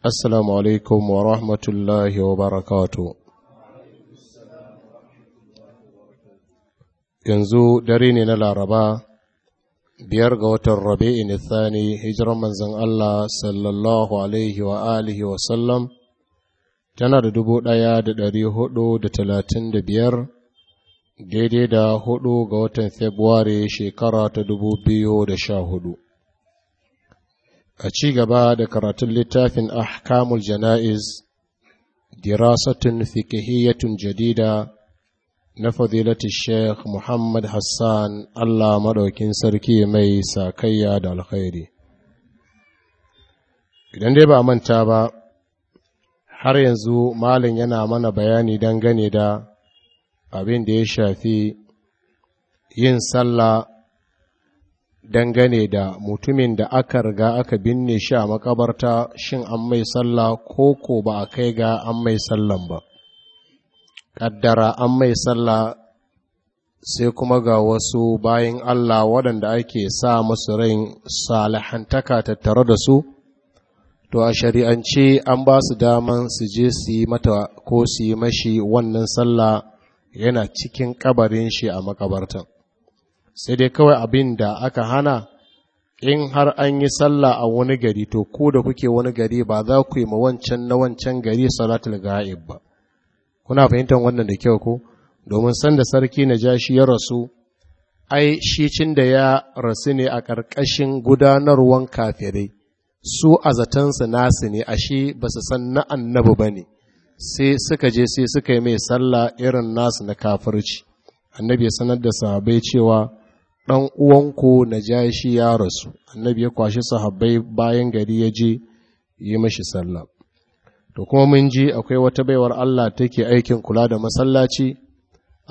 Assalamu alaikum wa rahmatullahi wa barakatu. Yanzu dare ne na Laraba, biyar ga watan Rabi'in Thani, hijiran manzan Allah sallallahu Alaihi wa alihi wa sallam, tana da dubu ɗaya da ɗari hudu da talatin da biyar, daidai da hudu ga watan Februari shekara ta dubu biyu da sha hudu. a ci gaba da karatun littafin ahkamul jana'iz dirasatun fikihiyatun jadida na fadilati sheikh muhammad hassan allah maɗaukin sarki mai sakayya da alkhairi idan dai ba manta ba har yanzu malin yana mana bayani dangane da abin da ya shafi yin sallah dangane da mutumin da aka riga aka binne shi a makabarta shin an mai sallah ko ko ba a kai ga an mai sallan ba kaddara an mai sallah sai kuma ga wasu bayan Allah waɗanda ake sa masu rain salihantaka tattare da su to a shari'ance an ba su daman su je su yi mata ko su yi mashi wannan sallah yana cikin kabarin shi a makabartan sai dai kawai abin da aka hana in har an yi sallah a wani gari to ko da kuke wani gari ba za ku yi ma wancan na wancan gari salatul ga'ib ba kuna fahimtar wannan da kyau ko domin sanda sarki na jashi ya rasu ai shi cin da ya rasu ne a ƙarƙashin gudanarwan kafirai su a su nasu ne ashe ba su san na annabi ba ne sai suka je sai suka yi mai sallah irin nasu na kafirci annabi ya sanar da sahabai cewa ɗan uwanku na jashi ya rasu annabi ya kwashi sahabbai bayan gari ya je yi mashi sallah to kuma mun ji akwai wata baiwar Allah take aikin kula da masallaci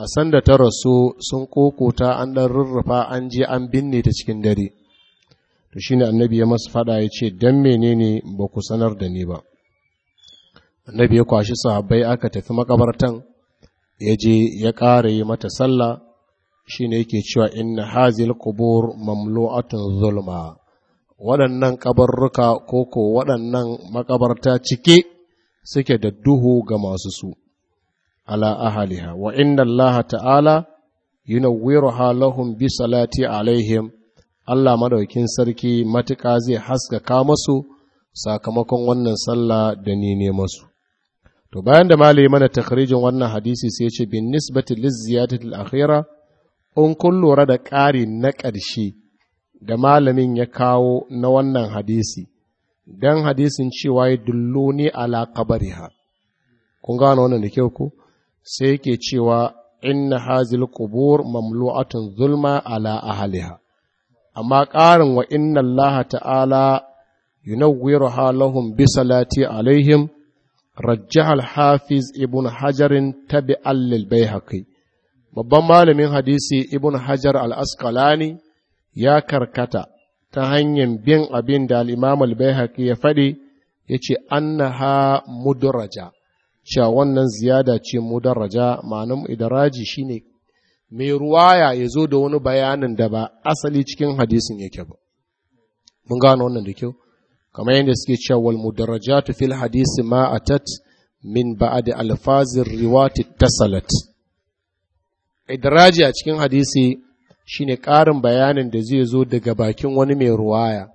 a sanda ta rasu sun kokota an ɗan rurrufa an je an binne ta cikin dare to shine annabi ya masu fada ya ce dan menene ba ku sanar da ni ba annabi ya kwashi sahabbai aka tafi makabartan ya je ya ƙara yi mata sallah shi ne yake cewa inna hazil qubur mamlu'atun zulma waɗannan kabarruka ko ko waɗannan makabarta cike suke da duhu ga masu su ala ahaliha wa inna Allah ta'ala yunawwiruha lahum bi salati alaihim Allah madaukin sarki matuƙa zai haska haskaka masu sakamakon wannan sallah da ni ne masu to bayan da malami mana takhrijin wannan hadisi sai ya ce bin nisbati liz al-akhirah in kun lura da ƙari na ƙarshe da malamin ya kawo na wannan hadisi don hadisin cewa ya dullo ne ala kabariha kun gano wannan da kyau ku sai yake cewa inna hazil qubur mamlu'atun zulma ala ahliha amma ƙarin wa inna Laha ta'ala yunawwiruha lahum bi salati alaihim rajjahal hafiz ibn hajarin tabi'allil bai haƙi. babban malamin hadisi ibn hajar al-asqalani ya karkata ta hanyar bin abin da al'imam al ya faɗi ya ce annaha mudaraja cewa wannan ziyada ce mudaraja ma'anin idaraji shine mai ruwaya ya zo da wani bayanin da ba asali cikin hadisin yake ba mun gano wannan da kyau kamar yadda suke cewa wal mudarajatu fil hadisi ma atat min ba'd alfazir riwati tasalat idraji a cikin hadisi shine ƙarin bayanin da zai zo daga bakin wani mai ruwaya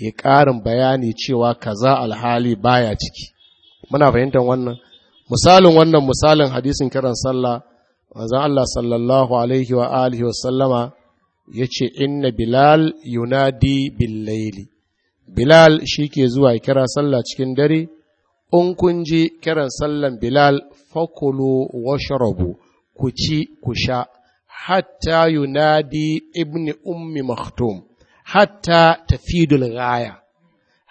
ya ƙarin bayani cewa kaza alhali baya ciki muna fahimtar wannan misalin wannan misalin hadisin kiran sallah manzon Allah sallallahu alaihi wa alihi wa sallama yace inna bilal yunadi bil bilal bilal ke zuwa kira sallah cikin dare in kun ji kiran sallan bilal fakulu washrabu ku ci ku sha hatta yunadi ibni ummi maktum hatta tafidul ghaya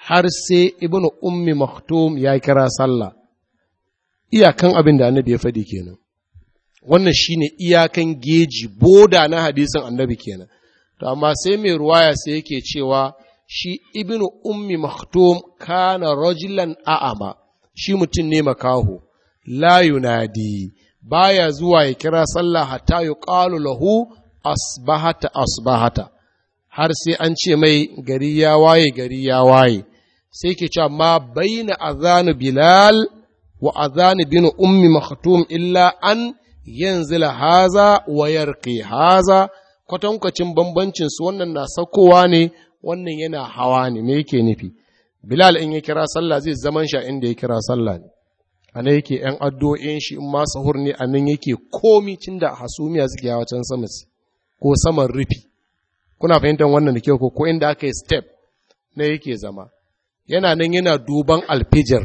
har sai ibnu ummi maktum ya kira sallah iyakan abin da annabi ya faɗi kenan wannan shine iyakan geji boda na hadisin annabi kenan to amma sai mai ruwaya sai yake cewa shi ibnu ummi maktum kana rajulan a'ama shi mutum ne makaho la yunadi baya zuwa ya kira sallah hatta yuqalu lahu asbahata asbahata har sai an ce mai gari ya waye gari ya waye sai ke cewa ma baina azanu bilal wa azanu bin ummi maktum illa an yanzila haza wa yarqi haza kwatankwacin bambancin su wannan na saukowa ne wannan yana hawa ne me yake nufi bilal in ya kira sallah zai zaman sha inda ya kira sallah ne a na yake ‘yan addu'o'in shi in ma sahur ne a nan yake komi cin da hasumiya suke yawa can sama ko saman rufi kuna fahimtar wannan da kyau ko ko inda aka yi step na yake zama yana nan yana duban alfijir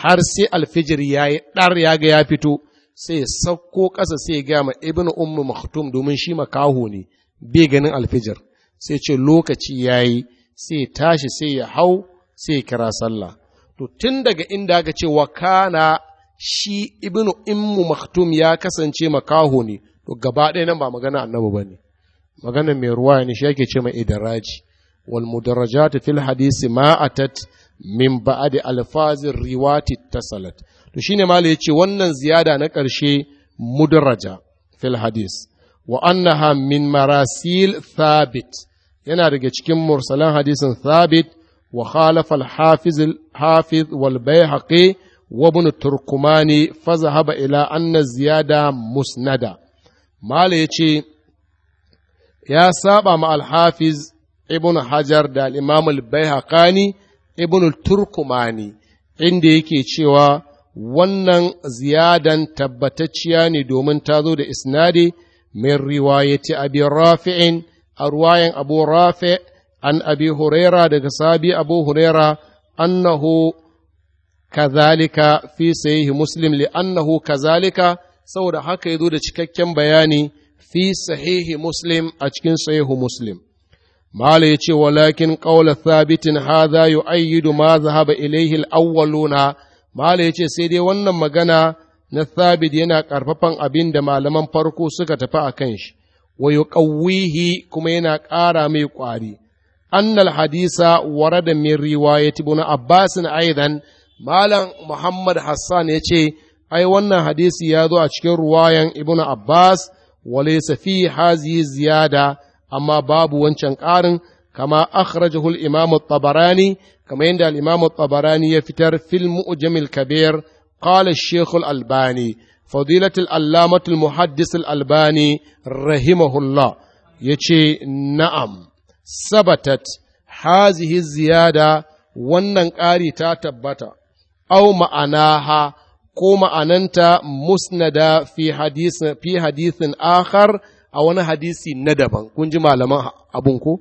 har sai alfijir ya yi ɗar ya ga ya fito sai sauko ƙasa sai ya ma ibn ummu maktum domin shi makaho ne bai ganin alfijir sai ce lokaci ya yi sai tashi sai ya hau sai ya kira sallah to tun daga inda aka ce wa kana shi ibnu immu maktum ya kasance makaho ne to gaba ɗaya nan ba magana annabi ba ne magana mai ruwa ne shi ake ce mai idaraji wal mudarajatu fil hadisi ma atat min ba'di alfazir riwati tasalat to shine malai yace wannan ziyada na ƙarshe mudaraja fil hadis wa annaha min marasil thabit yana daga cikin mursalan hadisin thabit wa khalafa al-hafiz al-hafiz wal bayhaqi wa ibn turkumani ila anna ziyada musnada mala yace ya saba ma al-hafiz ibn hajar da al-imam al-bayhaqani ibn turkumani inda yake cewa wannan ziyadan tabbatacciya ne domin ta zo da isnadi min a abi rafi'in a ruwayan abu rafi' an abi huraira daga sabi abu huraira annahu kazalika fi sahihi muslim li annahu kazalika saboda haka yazo da cikakken bayani fi sahihi muslim a cikin sahihu muslim mala yace walakin qawla thabitin hadha yu'ayyidu ma zahaba ilayhi al-awwaluna mala yace sai dai wannan magana na thabit yana karfafan abin da malaman farko suka tafi a kan shi wa yuqawwihi kuma yana ƙara mai ƙwari أن الحديث ورد من رواية ابن عباس أيضا مالا محمد حسان يتي أي وانا حديث يادو أشكر رواية ابن عباس وليس فيه هذه زيادة أما باب وانشان قارن كما أخرجه الإمام الطبراني كما عند الإمام الطبراني يفتر في المؤجم الكبير قال الشيخ الألباني فضيلة الألامة المحدث الألباني رحمه الله يتي نعم sabatat hazihi ziyada wannan ƙari ta tabbata au ma'anaha ko ma'ananta musnada fi hadithin akhar a wani hadisi na daban kun ji malaman abun ko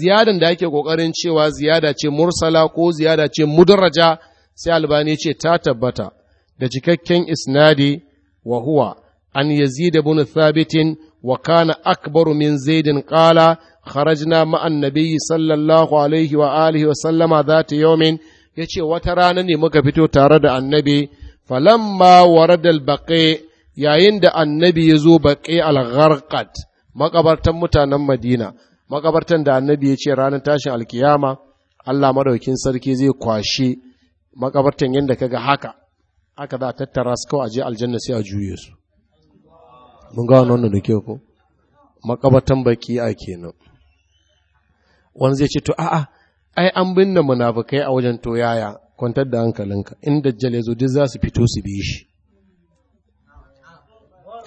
ziyadan da ake ƙoƙarin cewa ziyada ce mursala ko ziyada ce mudarraja sai albani ce ta tabbata da cikakken isnadi wa huwa an yazid ibn thabitin Wakana kana akbaru min zaidin qala kharajna ma'an nabiyyi sallallahu alaihi wa alihi wa sallama zata yawmin yace wata rana ne muka fito tare da annabi falamma warada al-baqi yayin da annabi ya zo baƙi al-gharqat mutanen madina makabartan da annabi ya ce ranar tashin alkiyama allah madaukin sarki zai kwashe makabartar yadda ka ga haka aka za tattara su kawai a je aljanna sai a juye su mun ga wannan da ke ko makabatan baki a kenan wani zai ce to a'a ai an binne munafukai a wajen to yaya kwantar da hankalinka in dajjal ya zo duk za su fito su bi shi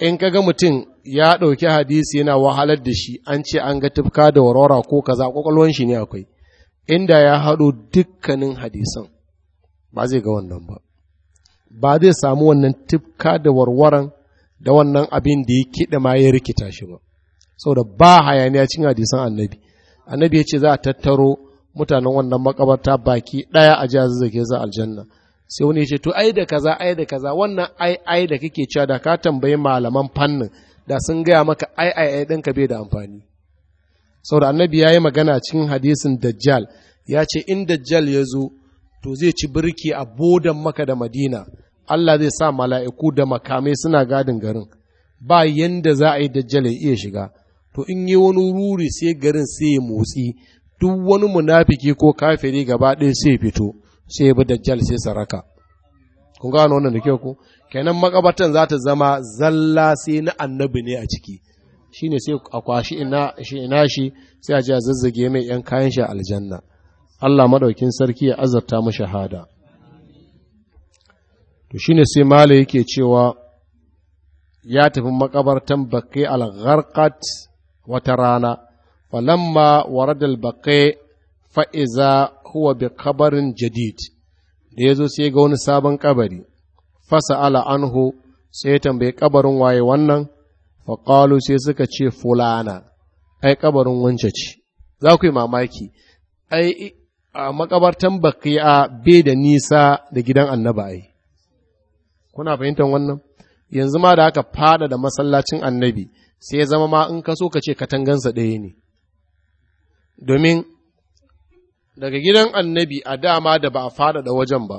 in kaga mutum ya ɗauki hadisi yana wahalar da shi an ce an ga tufka da warora ko kaza kwakwalwan shi ne akwai inda ya haɗo dukkanin hadisan ba zai ga wannan ba ba zai samu wannan tufka da warwaran da wannan abin da ya kiɗa ma ya rikita shi ba saboda ba hayaniya cin hadisan annabi annabi ya ce za a tattaro mutanen wannan makabarta baki ɗaya a jihar zazzage za aljanna sai wani ya ce to ai da kaza ai da kaza wannan ai ai da kake cewa da ka tambayi malaman fannin da sun gaya maka ai ai ai ɗinka bai da amfani saboda annabi ya yi magana cikin hadisin dajjal ya ce in dajjal ya zo to zai ci birki a bodan maka da madina Allah zai sa mala'iku da makamai suna gadin garin ba yanda za a yi dajjal ya iya shiga to in yi wani ruri sai garin sai ya motsi duk wani munafiki ko kafiri gaba ɗaya sai fito sai ya bi dajjal sai saraka kun gano wannan da kyau ku kenan makabatan za ta zama zalla sai na annabi ne a ciki shine sai a kwashi ina shi sai a ji a zazzage mai yan kayan shi aljanna Allah madaukin sarki ya azarta mu shahada to shi ne sai mala yake cewa ya tafi makabartan bakai al-gharqat wata rana falamma waradal al-bakai fa'iza huwa bi kabarin jadid da ya zo sai ga wani sabon kabari fasa ala anhu sai tambayi kabarin waye wannan faƙalu sai suka ce fulana ai kabarin wance ce za ku yi mamaki ai a makabartan a be da nisa da gidan annaba ai kuna fahimtar wannan yanzu ma da aka fada da masallacin annabi sai ya zama ma in ka so ka ce katangansa ɗaya ne domin daga gidan annabi a dama da ba a fada da wajen ba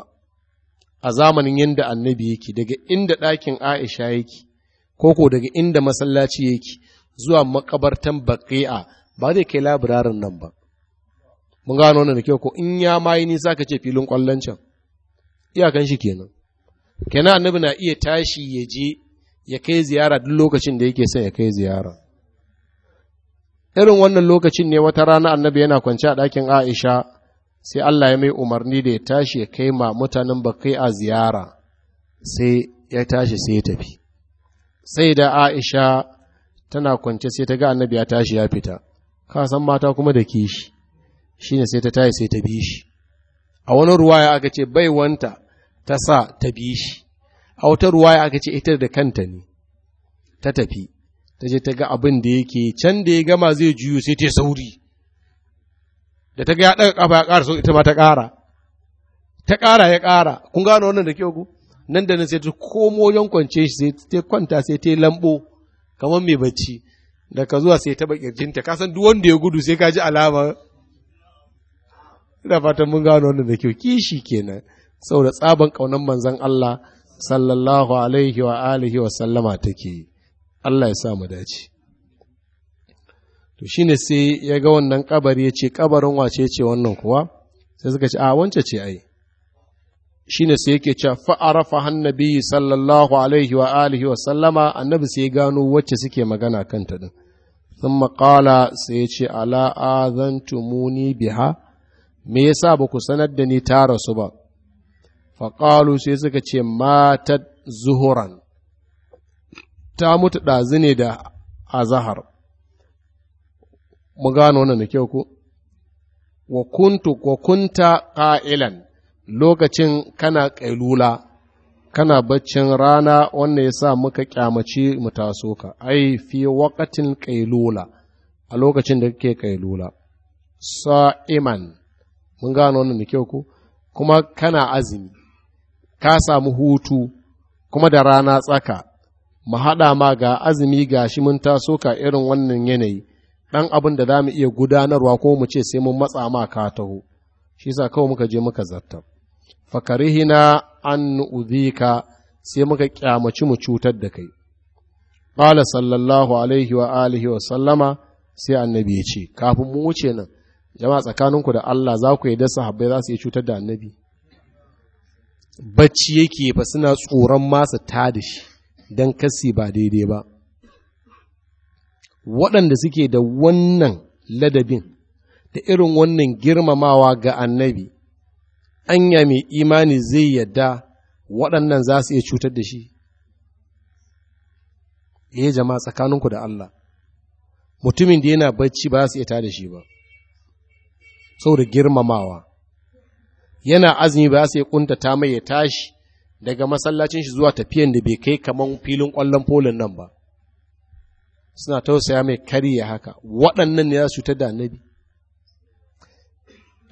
a zamanin yadda annabi yake daga inda ɗakin aisha yake koko daga inda masallaci yake zuwa makabartan baƙi'a ba zai kai labirarin nan ba mun gano wannan da kyau ko in ya mayi nisa ka ce filin kwallon can iyakan shi kenan kenan annabi na iya tashi ya je ya kai ziyara duk lokacin da yake son ya kai ziyara irin wannan lokacin ne wata rana annabi yana kwance a ɗakin aisha sai allah ya mai umarni da ya tashi ya kai ma mutanen bakai a ziyara sai ya tashi sai ya tafi sai da aisha tana kwance sai ta ga annabi ya tashi ya fita ka san mata kuma da kishi shine sai ta tashi sai ta bi shi a wani ruwaya aka ce bai wanta. ta sa ta bi shi a wata ruwaya aka ce ita da kanta ne ta tafi ta je ta ga abin da yake can da ya gama zai juyo sai ta sauri da ta ga ya ɗaga ƙafa ya ƙara so ita ma ta ƙara ta ƙara ya ƙara kun gano wannan da kyau ku nan da nan sai ta komo yankwance shi sai ta kwanta sai ta lambo kamar mai bacci da ka zuwa sai ta ba kirjinta ka san duk wanda ya gudu sai ka ji alama ina fatan mun gano wannan da kyau kishi kenan saboda tsaban ƙaunar manzan Allah sallallahu alaihi wa alihi wa sallama take Allah ya sa mu dace to shine sai ya ga wannan kabari ya ce kabarin wace ce wannan kuwa sai suka ce a wance ce ai shine sai yake cewa fa arafa hannabi sallallahu alaihi wa alihi wa sallama annabi sai ya gano wacce suke magana kanta din Sun qala sai ya ce ala azantumuni biha me yasa ba ku sanar da ni ta rasu ba faƙalu sai suka ce mata zuhuran ta mutu ɗazu ne da azahar mu gano wannan da kyau ku wa kuntu wa kunta ƙa'ilan lokacin kana ƙailula kana baccin rana wanda ya sa muka ƙyamaci mu taso ka ai fi waƙatin ƙailula a lokacin da kake ƙailula sa'iman mun gano wannan da kyau ku kuma kana azumi ka samu hutu kuma da rana tsaka mu haɗa ma ga azumi ga shi mun taso ka irin wannan yanayi ɗan abin da za mu iya gudanarwa ko mu ce sai mun matsa ma ka taho shi sa kawai muka je muka zarta fakarihina an ka sai muka kyamaci mu cutar da kai qala sallallahu alaihi wa alihi wa sallama sai annabi ya ce kafin mu wuce nan jama'a tsakaninku da Allah za ku yi dasa sahabbai za su yi cutar da annabi bacci yake fa suna tsoron ta tadashi shi don kasi ba daidai ba waɗanda suke da wannan ladabin da irin wannan girmamawa ga annabi anya mai imani zai yadda waɗannan za su iya cutar da shi ya eh, jama'a tsakaninku da Allah mutumin da yana bacci ba su iya tada shi ba saboda girmamawa yana azumi ba sai ya kuntata mai ya tashi daga masallacin shi zuwa tafiyan da bai kai kaman filin kwallon polin nan ba suna tausaya mai kariya haka waɗannan ne za su ta da annabi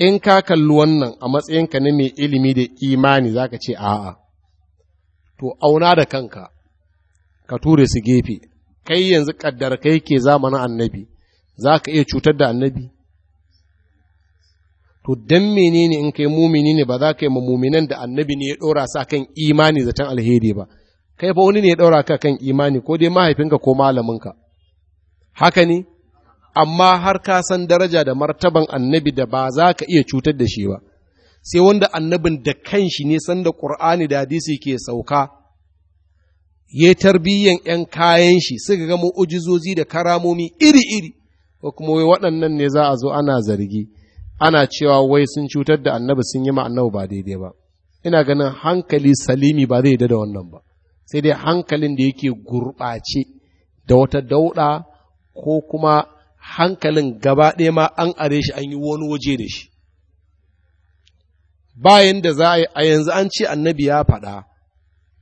in ka kalli wannan a matsayinka na mai ilimi da imani za ka ce a'a to auna da kanka ka ture su gefe kai yanzu kaddar kai ke zamanin annabi za ka iya cutar da annabi to dan menene in kai mumini ne ba za ka yi mumuminan da annabi ne ya ɗora sa kan imani zaton alheri ba kai ba wani ne ya ɗora ka kan imani ko dai mahaifinka ko malaminka haka ne amma har ka san daraja da martaban annabi da ba za ka iya cutar da shi ba sai wanda annabin da kanshi ne san da ƙur'ani da hadisi ke sauka ya tarbiyyan ‘yan kayan shi suka ga mu'ujizozi da karamomi iri-iri ko kuma waɗannan ne za a zo ana zargi ana cewa wai sun cutar da annabi sun yi ma ba daidai ba ina ganin hankali salimi ba zai da wannan ba sai dai hankalin da yake gurɓace da wata dauɗa ko kuma hankalin gaba ɗaya ma an are shi an yi wani waje da shi bayan da za a yanzu an ce annabi ya faɗa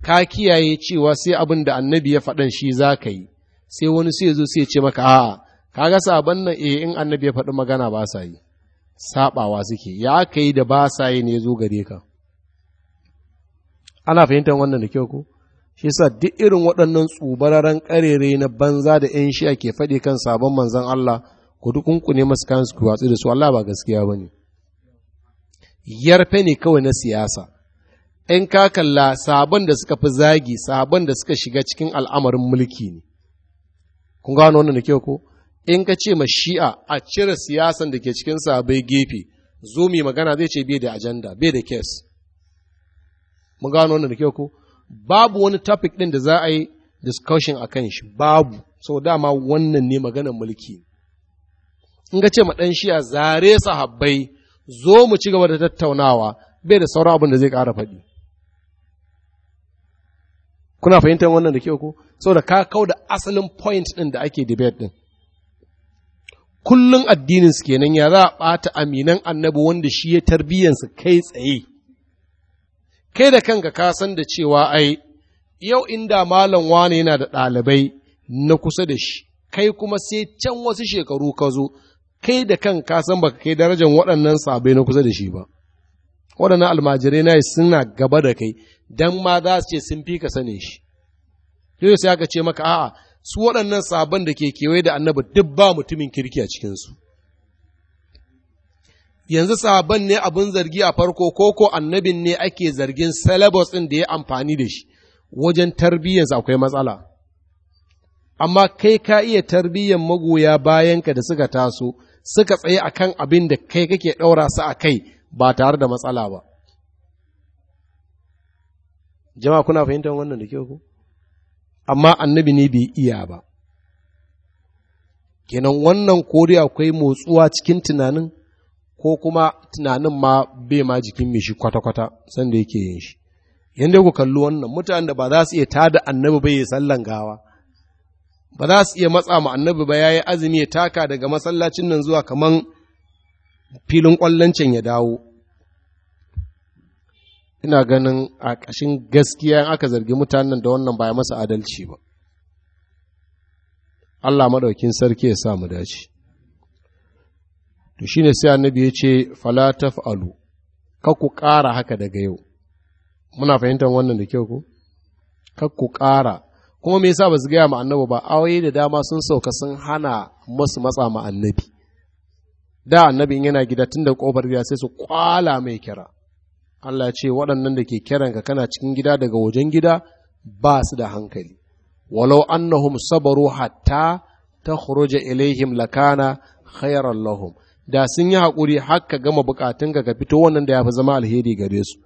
ka kiyaye cewa sai abin da annabi ya faɗan shi za ka yi sai wani sai zo sai ce maka a'a ka ga sabon nan eh in annabi ya faɗi magana ba sa yi saɓawa suke ya aka yi da ba sa yi ne zo gare ka ana fahimtar wannan da kyau ko shi sa duk irin waɗannan tsubararen ƙarere na banza da 'yan shi'a ke faɗi kan sabon manzan Allah ku duk kunkune masu kayan su watsi da su Allah ba gaskiya ba ne yarfe ne kawai na siyasa in ka kalla sabon da suka fi zagi sabon da suka shiga cikin al'amarin mulki ne kun gano wannan da kyau ko in ka ce ma shi'a a cire siyasan da ke cikin sabai gefe zo mai magana zai ce bai da ajanda bai da kes mun gano wannan da kyau ko babu wani topic din da za a yi discussion a kan shi babu so dama wannan ne maganar mulki in ka ce ma ɗan shi'a zare sahabbai zo mu ci gaba da tattaunawa bai da sauran abin da zai kara faɗi kuna fahimtar wannan da kyau ko saboda ka kau da asalin point ɗin da ake debate ɗin kullum addinin su kenan ya za a ɓata aminan annabi wanda shi ya tarbiyyansu kai tsaye kai da kanka ka san da cewa ai yau inda malam wane yana da ɗalibai na kusa da shi kai kuma sai can wasu shekaru ka zo kai da kan ka san baka kai darajar waɗannan sabai na kusa da shi ba waɗannan almajirai na suna gaba da kai dan ma za su ce sun fi ka sane shi yau sai aka ce maka a'a su waɗannan sabon da ke kewaye da annabi duk ba mutumin kirki a cikinsu yanzu sabon ne abin zargi a farko ko koko annabin ne ake zargin celebus ɗin da ya amfani da shi wajen tarbiyyarsa akwai matsala amma kai ka iya tarbiyyar magoya bayanka da suka taso suka tsaye a kan abin da kai kake ɗaura su a kai ba tare da matsala ba jama'a kuna fahimtar wannan da kyau ko amma annabi ne bai iya ba kenan wannan kori akwai motsuwa cikin tunanin ko kuma tunanin ma bai ma jikin mai shi kwata-kwata sanda yake yin shi yadda ku kalli wannan mutanen da ba za su iya tada annabi bai sallan gawa ba za su iya matsa ma annabi ba ya yi azumi ya taka daga masallacin nan zuwa kamar filin kwallon ya dawo ina ganin a ƙashin gaskiya in aka zargi mutanen da wannan baya masa adalci ba Allah maɗaukin sarki ya sa mu dace to shi ne sai annabi ya ce fala alu, ka ku ƙara haka daga yau muna fahimtar wannan da kyau ko ka ku ƙara kuma me yasa ba su gaya ma annabi ba awaye da dama sun sauka sun hana masu matsa ma annabi da annabi yana gida tun da ƙofar gida sai su kwala mai kira Allah ce waɗannan da ke kiranka kana cikin gida daga wajen gida ba su da hankali walau annahum sabaru hatta ta khuruja ilaihim lakana khairan lahum da sun yi haƙuri har ka gama buƙatun ka fito wannan da ya fi zama alheri gare su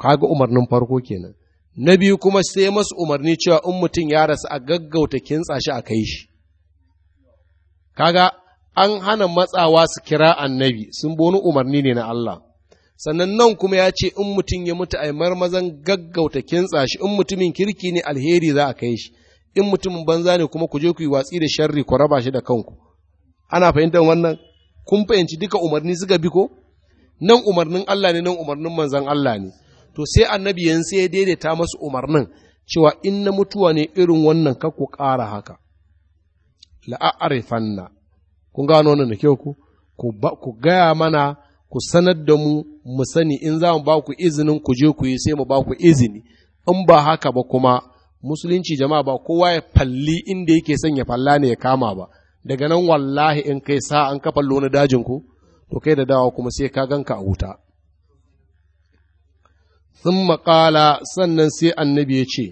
kaga umarnin farko kenan na biyu kuma sai masu umarni cewa in mutum ya rasu a gaggauta kintsa shi a kai shi kaga an hana matsawa su kira annabi sun boni umarni ne na Allah sannan nan kuma ya ce in mutum ya mutu a marmazan gaggauta kintsa shi in mutumin kirki ne alheri za a kai shi in mutumin banza ne kuma ku je ku yi watsi da sharri ku raba shi da kanku ana fahimtar wannan kun fahimci duka umarni suka bi ko nan umarnin Allah ne nan umarnin manzan Allah ne to sai annabi yan sai ya daidaita masu umarnin cewa in na mutuwa ne irin wannan ka ku ƙara haka la'arifanna kun gano wannan da kyau ku ku gaya mana ku sanar da mu mu sani in za mu ba ku izinin ku je ku yi sai mu ba ku izini in ba haka ba kuma musulunci jama'a ba kowa ya falli inda yake son ya falla ne ya kama ba daga nan wallahi in kai sa an ka fallo na dajin ku to kai da dawa kuma sai ka ganka a wuta sun maƙala sannan sai annabi ya ce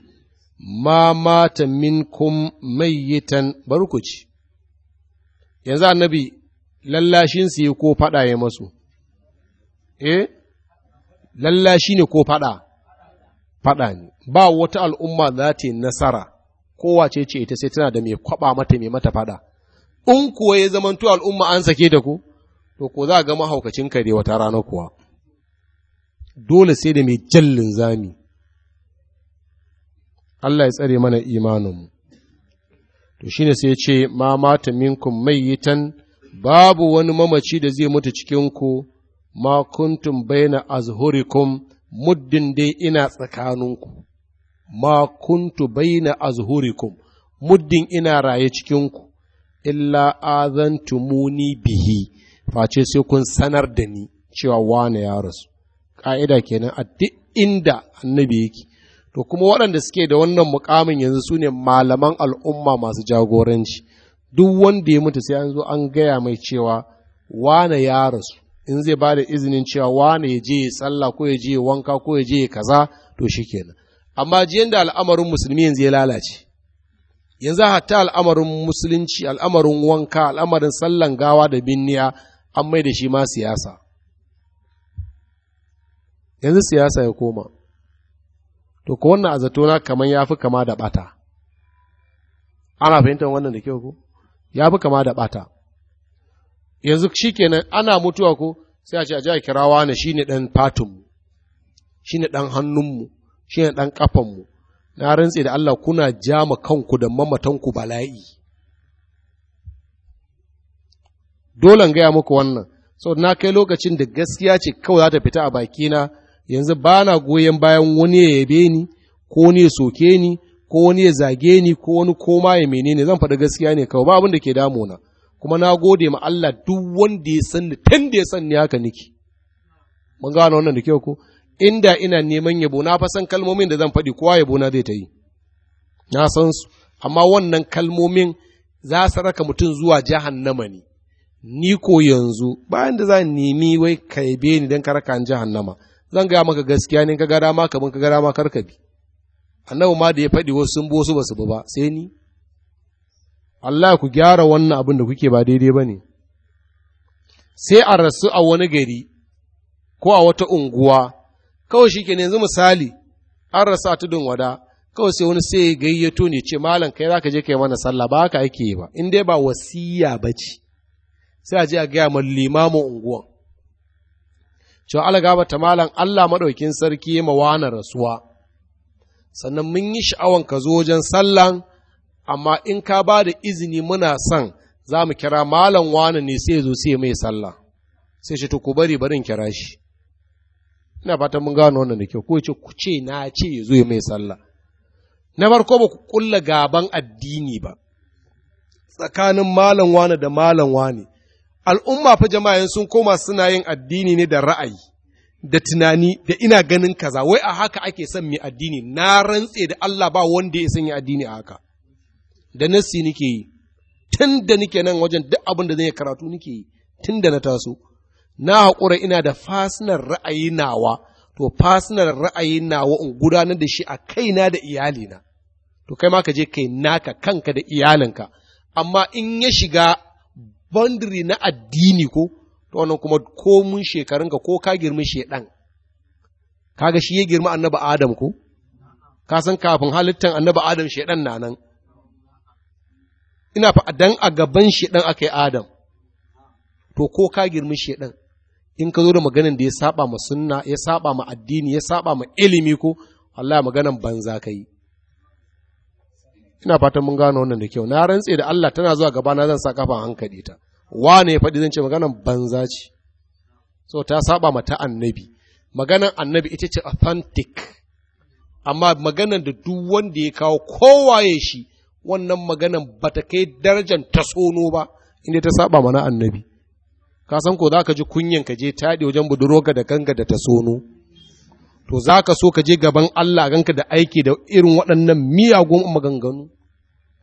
ma mata minkum mayyitan barkuci yanzu annabi lallashin su yi ko faɗa ya masu eh lalla shi ne ko faɗa faɗa ne ba wata al'umma za ta yi nasara kowace ce ita sai tana da mai kwaɓa mata mai mata faɗa in kuwa ya zamanto al'umma an sake da ku? to ko za a ga mahaukacin kare wata rana kuwa dole sai da mai jallin zami Allah ya tsare mana imaninmu to shi ne sai ce ma mata minkum mayyitan babu wani mamaci da zai mutu cikin ku ma kuntum baina azhurikum muddin dai ina tsakaninku ma kuntu baina azhurikum muddin ina raye cikinku illa azantumuni bihi face sai kun sanar da ni cewa wane ya rasu ƙa'ida kenan a duk inda annabi yake to kuma waɗanda suke da wannan mukamin yanzu su ne malaman al'umma masu jagoranci duk wanda ya mutu sai an zo an gaya mai cewa wane ya rasu in zai ba da izinin cewa wane ya je sallah ko ya je wanka ko ya je kaza to shikenan amma jiyan da al'amarin musulmi yanzu ya lalace yanzu hatta al'amarin musulunci al'amarin wanka al'amarin sallan gawa da binniya an mai da shi ma siyasa yanzu siyasa ya koma to ko wannan azatona kamar ya fi kama da bata ana fahimtar wannan da kyau ko ya fi kama da bata yanzu shi shikenan ana mutuwa ko sai a ce a ji a kirawa na shine ɗan fatinmu shine ɗan hannunmu shine ɗan ƙafanmu. na rantse da Allah kuna ja ma kanku da mamatanku bala'i dole gaya muku wannan sau na kai lokacin da gaskiya ce kawai za ta fita a bakina yanzu ba na goyon bayan wani ya yabe ni ko wani ya soke ni ko wani ya zage ni ko wani koma ya menene zan faɗi gaskiya ne kawai ba abin da ke damuna kuma na gode ma Allah duk wanda ya sanni tun da ya sanni haka niki mun gano wannan da kyau ko inda ina neman yabo na fa san kalmomin da zan faɗi kowa yabo na zai ta yi na san su amma wannan kalmomin za su raka mutum zuwa jahannama ne ni ko yanzu bayan da za nemi wai ka yabe ni don ka raka jahannama zan gaya maka gaskiya ne ka ga dama ka bin ka ga dama karka bi annabi ma da ya faɗi wasu sun bo su ba su ba sai ni Allah ku gyara wannan abin da kuke ba daidai ba ne, sai a rasu a wani gari ko a wata unguwa, kawai shi ke yanzu misali an rasu a tudun wada, kawai sai wani sai gayyato ne ce malam kai za ka je kai mana sallah ba haka ake yi ba, in dai ba wasiya ba ce, sai a je a gaya ma limamin unguwan. Cewa Allah gaba ta malam Allah maɗaukin sarki ya mawana rasuwa, sannan mun yi sha'awan ka zo wajen sallan amma in ka ba da izini muna son za mu kira malam wani ne sai zo sai mai sallah sai shi tuku bari barin kira shi ina fatan mun gano wannan da kyau ko ce ku ce na ce ya zo mai sallah na farko ba ku kulla gaban addini ba tsakanin malam wani da malam wani al'umma fa jama'in sun koma suna yin addini ne da ra'ayi da tunani da ina ganin kaza wai a haka ake son mai addini na rantse da Allah ba wanda ya sanya addini a haka da nassi nake yi tun da nake nan wajen duk abin da zai karatu nake yi tun da na taso na haƙura ina da fasinar ra'ayi nawa to fasinar ra'ayi nawa in gudanar da shi a kaina da iyalina to kai ma ka je kai naka kanka da iyalinka amma in ya shiga bandiri na addini ko to wannan kuma komun shekarunka ko ka girma shedan kaga shi ya girma annabi adam ko ka san kafin halittan annabi adam shedan na nan ina fa dan a gaban shedan aka yi adam to ko ka girmi shedan in ka zo da maganin da ya saba ma sunna ya saba ma addini ya saba ma ilimi ko Allah maganan banza ka yi ina fatan mun gano wannan da kyau na rantse da Allah tana zuwa gaba na zan sa kafa hankali ta wane ya faɗi zan ce maganan banza ce so ta saba ma ta annabi maganan annabi ita ce authentic amma maganan da duk wanda ya kawo kowaye shi wannan maganan ba ta kai darajar ta tsono ba inda ta saba mana annabi ka san ko za ka ji kunyan ka je taɗi wajen budurwarka da kanka da ta tsono to za ka so ka je gaban Allah ganka da aiki da irin waɗannan miyagun maganganu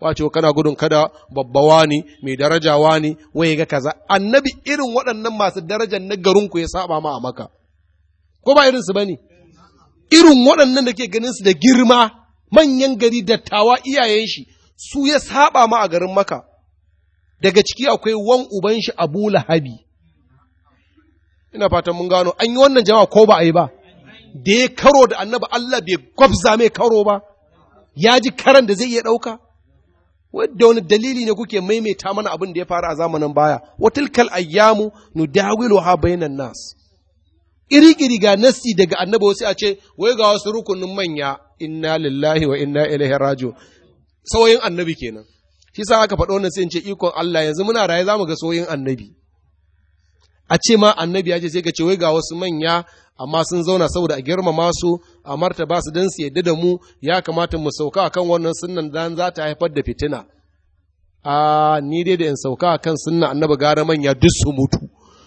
wace kana gudun kada babbawa ne mai darajawa ne waye ga kaza annabi irin waɗannan masu darajar na garin ku ya saba ma a maka ko ba irin ba bane irin waɗannan da ke ganin su da girma manyan gari dattawa iyayen shi su ya saba ma a garin maka daga ciki akwai wan uban shi abu lahabi ina fatan mun gano an yi wannan jama'a ko ba a yi ba da ya karo da annaba Allah bai gwabza mai karo ba ya ji karan da zai iya ɗauka wadda wani dalili ne kuke maimaita mana abin da ya faru a zamanin baya watilkal ayyamu dawilu ha bainan nas iri iri ga nasi daga annaba wasu a ce wai ga wasu rukunin manya inna lillahi wa inna ilaihi raji'un sauyin annabi kenan shi sa aka faɗo wannan sai in ce ikon Allah yanzu muna raye zamu ga sauyin annabi a ce ma annabi ya ce sai ka ce wai ga wasu manya amma sun zauna saboda a girmama su a martaba su don su yadda da mu ya kamata mu sauka akan wannan sunnan dan za ta haifar da fitina a ni dai da in sauka akan sunna annabi gara manya duk su mutu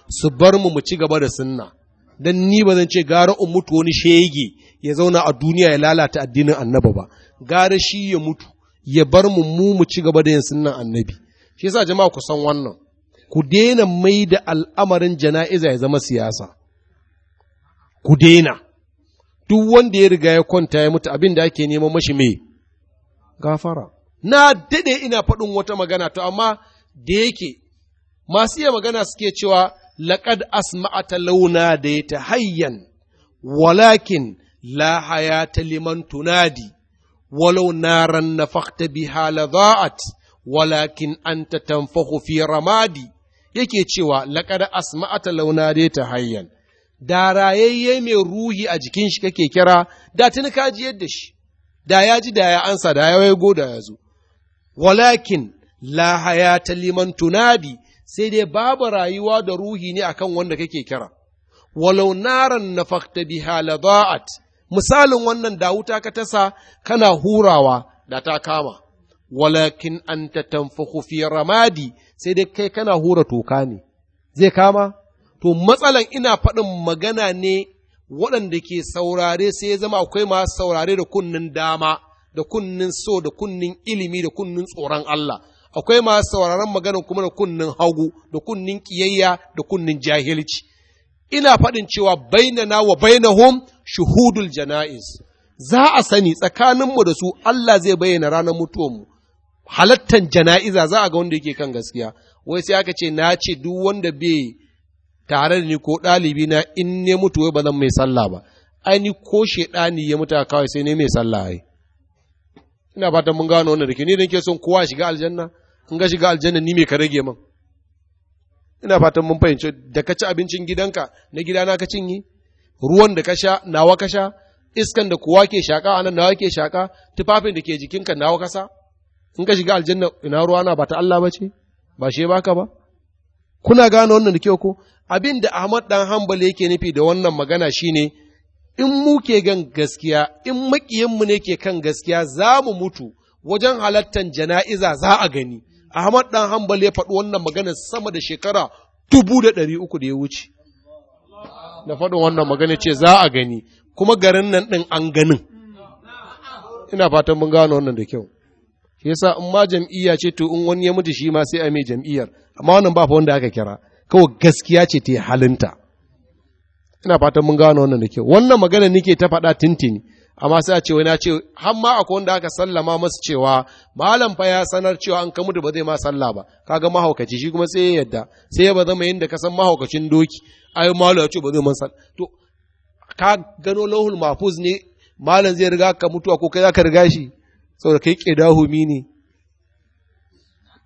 su bar mu mu ci gaba da sunna dan ni ba zan ce gara in mutu wani shege ya zauna a duniya ya lalata addinin annabi ba gara shi ya mutu ya bar mu mu mu ci gaba da yin sunnan annabi shi yasa jama'a ku san wannan ku daina mai da al'amarin jana'iza ya zama siyasa ku daina duk wanda ya riga ya kwanta ya mutu abin da ake neman mashi mai gafara na dade ina faɗin wata magana to amma da yake masu iya magana suke cewa laƙad asma'ata launa da ya ta hayyan walakin la hayata liman tunadi ولو نارا نفخت biha la ولكن walakin تنفخ في رمادي ramadi yake cewa laƙar asma'ata launa dai ta hayyan da rayayye mai ruhi a jikin shi kake kira da tuni ka ji yadda shi da ya ji da ya ansa da ya waigo da ya zo walakin la hayata liman tunadi sai dai babu rayuwa da ruhi ne akan wanda kake kira walau naran nafakta biha la da'at misalin wannan da wuta ka tasa kana hurawa da ta kama walakin an ta tamfi ramadi sai dai kai kana hura toka ne zai kama to matsalan ina faɗin magana ne waɗanda ke saurare sai ya zama akwai ma saurare da kunnin dama da kunnin so da kunnin ilimi da kunnin tsoron Allah akwai ma sauraron maganar kuma da kunnin hagu da kunnin kiyayya da kunnin jahilci ina faɗin cewa bainana wa bainahum shuhudul jana'iz za a sani tsakaninmu da su Allah zai bayyana ranar mutuwanmu halattan jana'iza za a ga wanda yake kan gaskiya wai sai aka ce na ce duk wanda bai tare da ni ko ɗalibi na in ne mutu wai ba zan mai sallah ba ai ni ko shedani ya mutu kawai sai ne mai sallah ai ina fatan mun gano wannan rike ni dan ke son kowa shiga aljanna in ga shiga aljanna ni me ka rage man ina fatan mun fahimci da ka ci abincin gidanka na gida na ka cinye ruwan da ka sha nawa ka sha iskan da kowa ke shaƙa, anan nawa ke shaƙa? tufafin da ke jikinka nawa ka sa in ka shiga aljanna ina ruwa na ba ta Allah ba ce ba shi baka ba kuna gane wannan da kyau ko abin da Ahmad dan Hanbal yake nufi da wannan magana shine in mu ke gan gaskiya in makiyan mu ne ke kan gaskiya za mu mutu wajen halattan jana'iza za a gani Ahmad dan Hanbal ya faɗi wannan magana sama da shekara dubu da ɗari uku da ya wuce da faɗin wannan magana ce za a gani kuma garin nan ɗin an ganin ina fatan mun gano wannan da kyau shi yasa in ma jam'iyya ce to in wani ya mutu shi ma sai a mai jam'iyyar amma wannan ba fa wanda aka kira kawai gaskiya ce ta halinta ina fatan mun gano wannan da kyau wannan magana nake ta faɗa tintini amma sai a ce wani ce har ma akwai wanda aka sallama masu cewa malam fa ya sanar cewa an ka mutu ba zai ma salla ba kaga mahaukaci shi kuma sai ya yadda sai ya ba zama yadda ka san mahaukacin doki ayo Malu ya ce ba zai man san to ka gano lahul mahfuz ne malam zai riga ka mutuwa ko kai zaka riga shi saboda kai kedahumi ne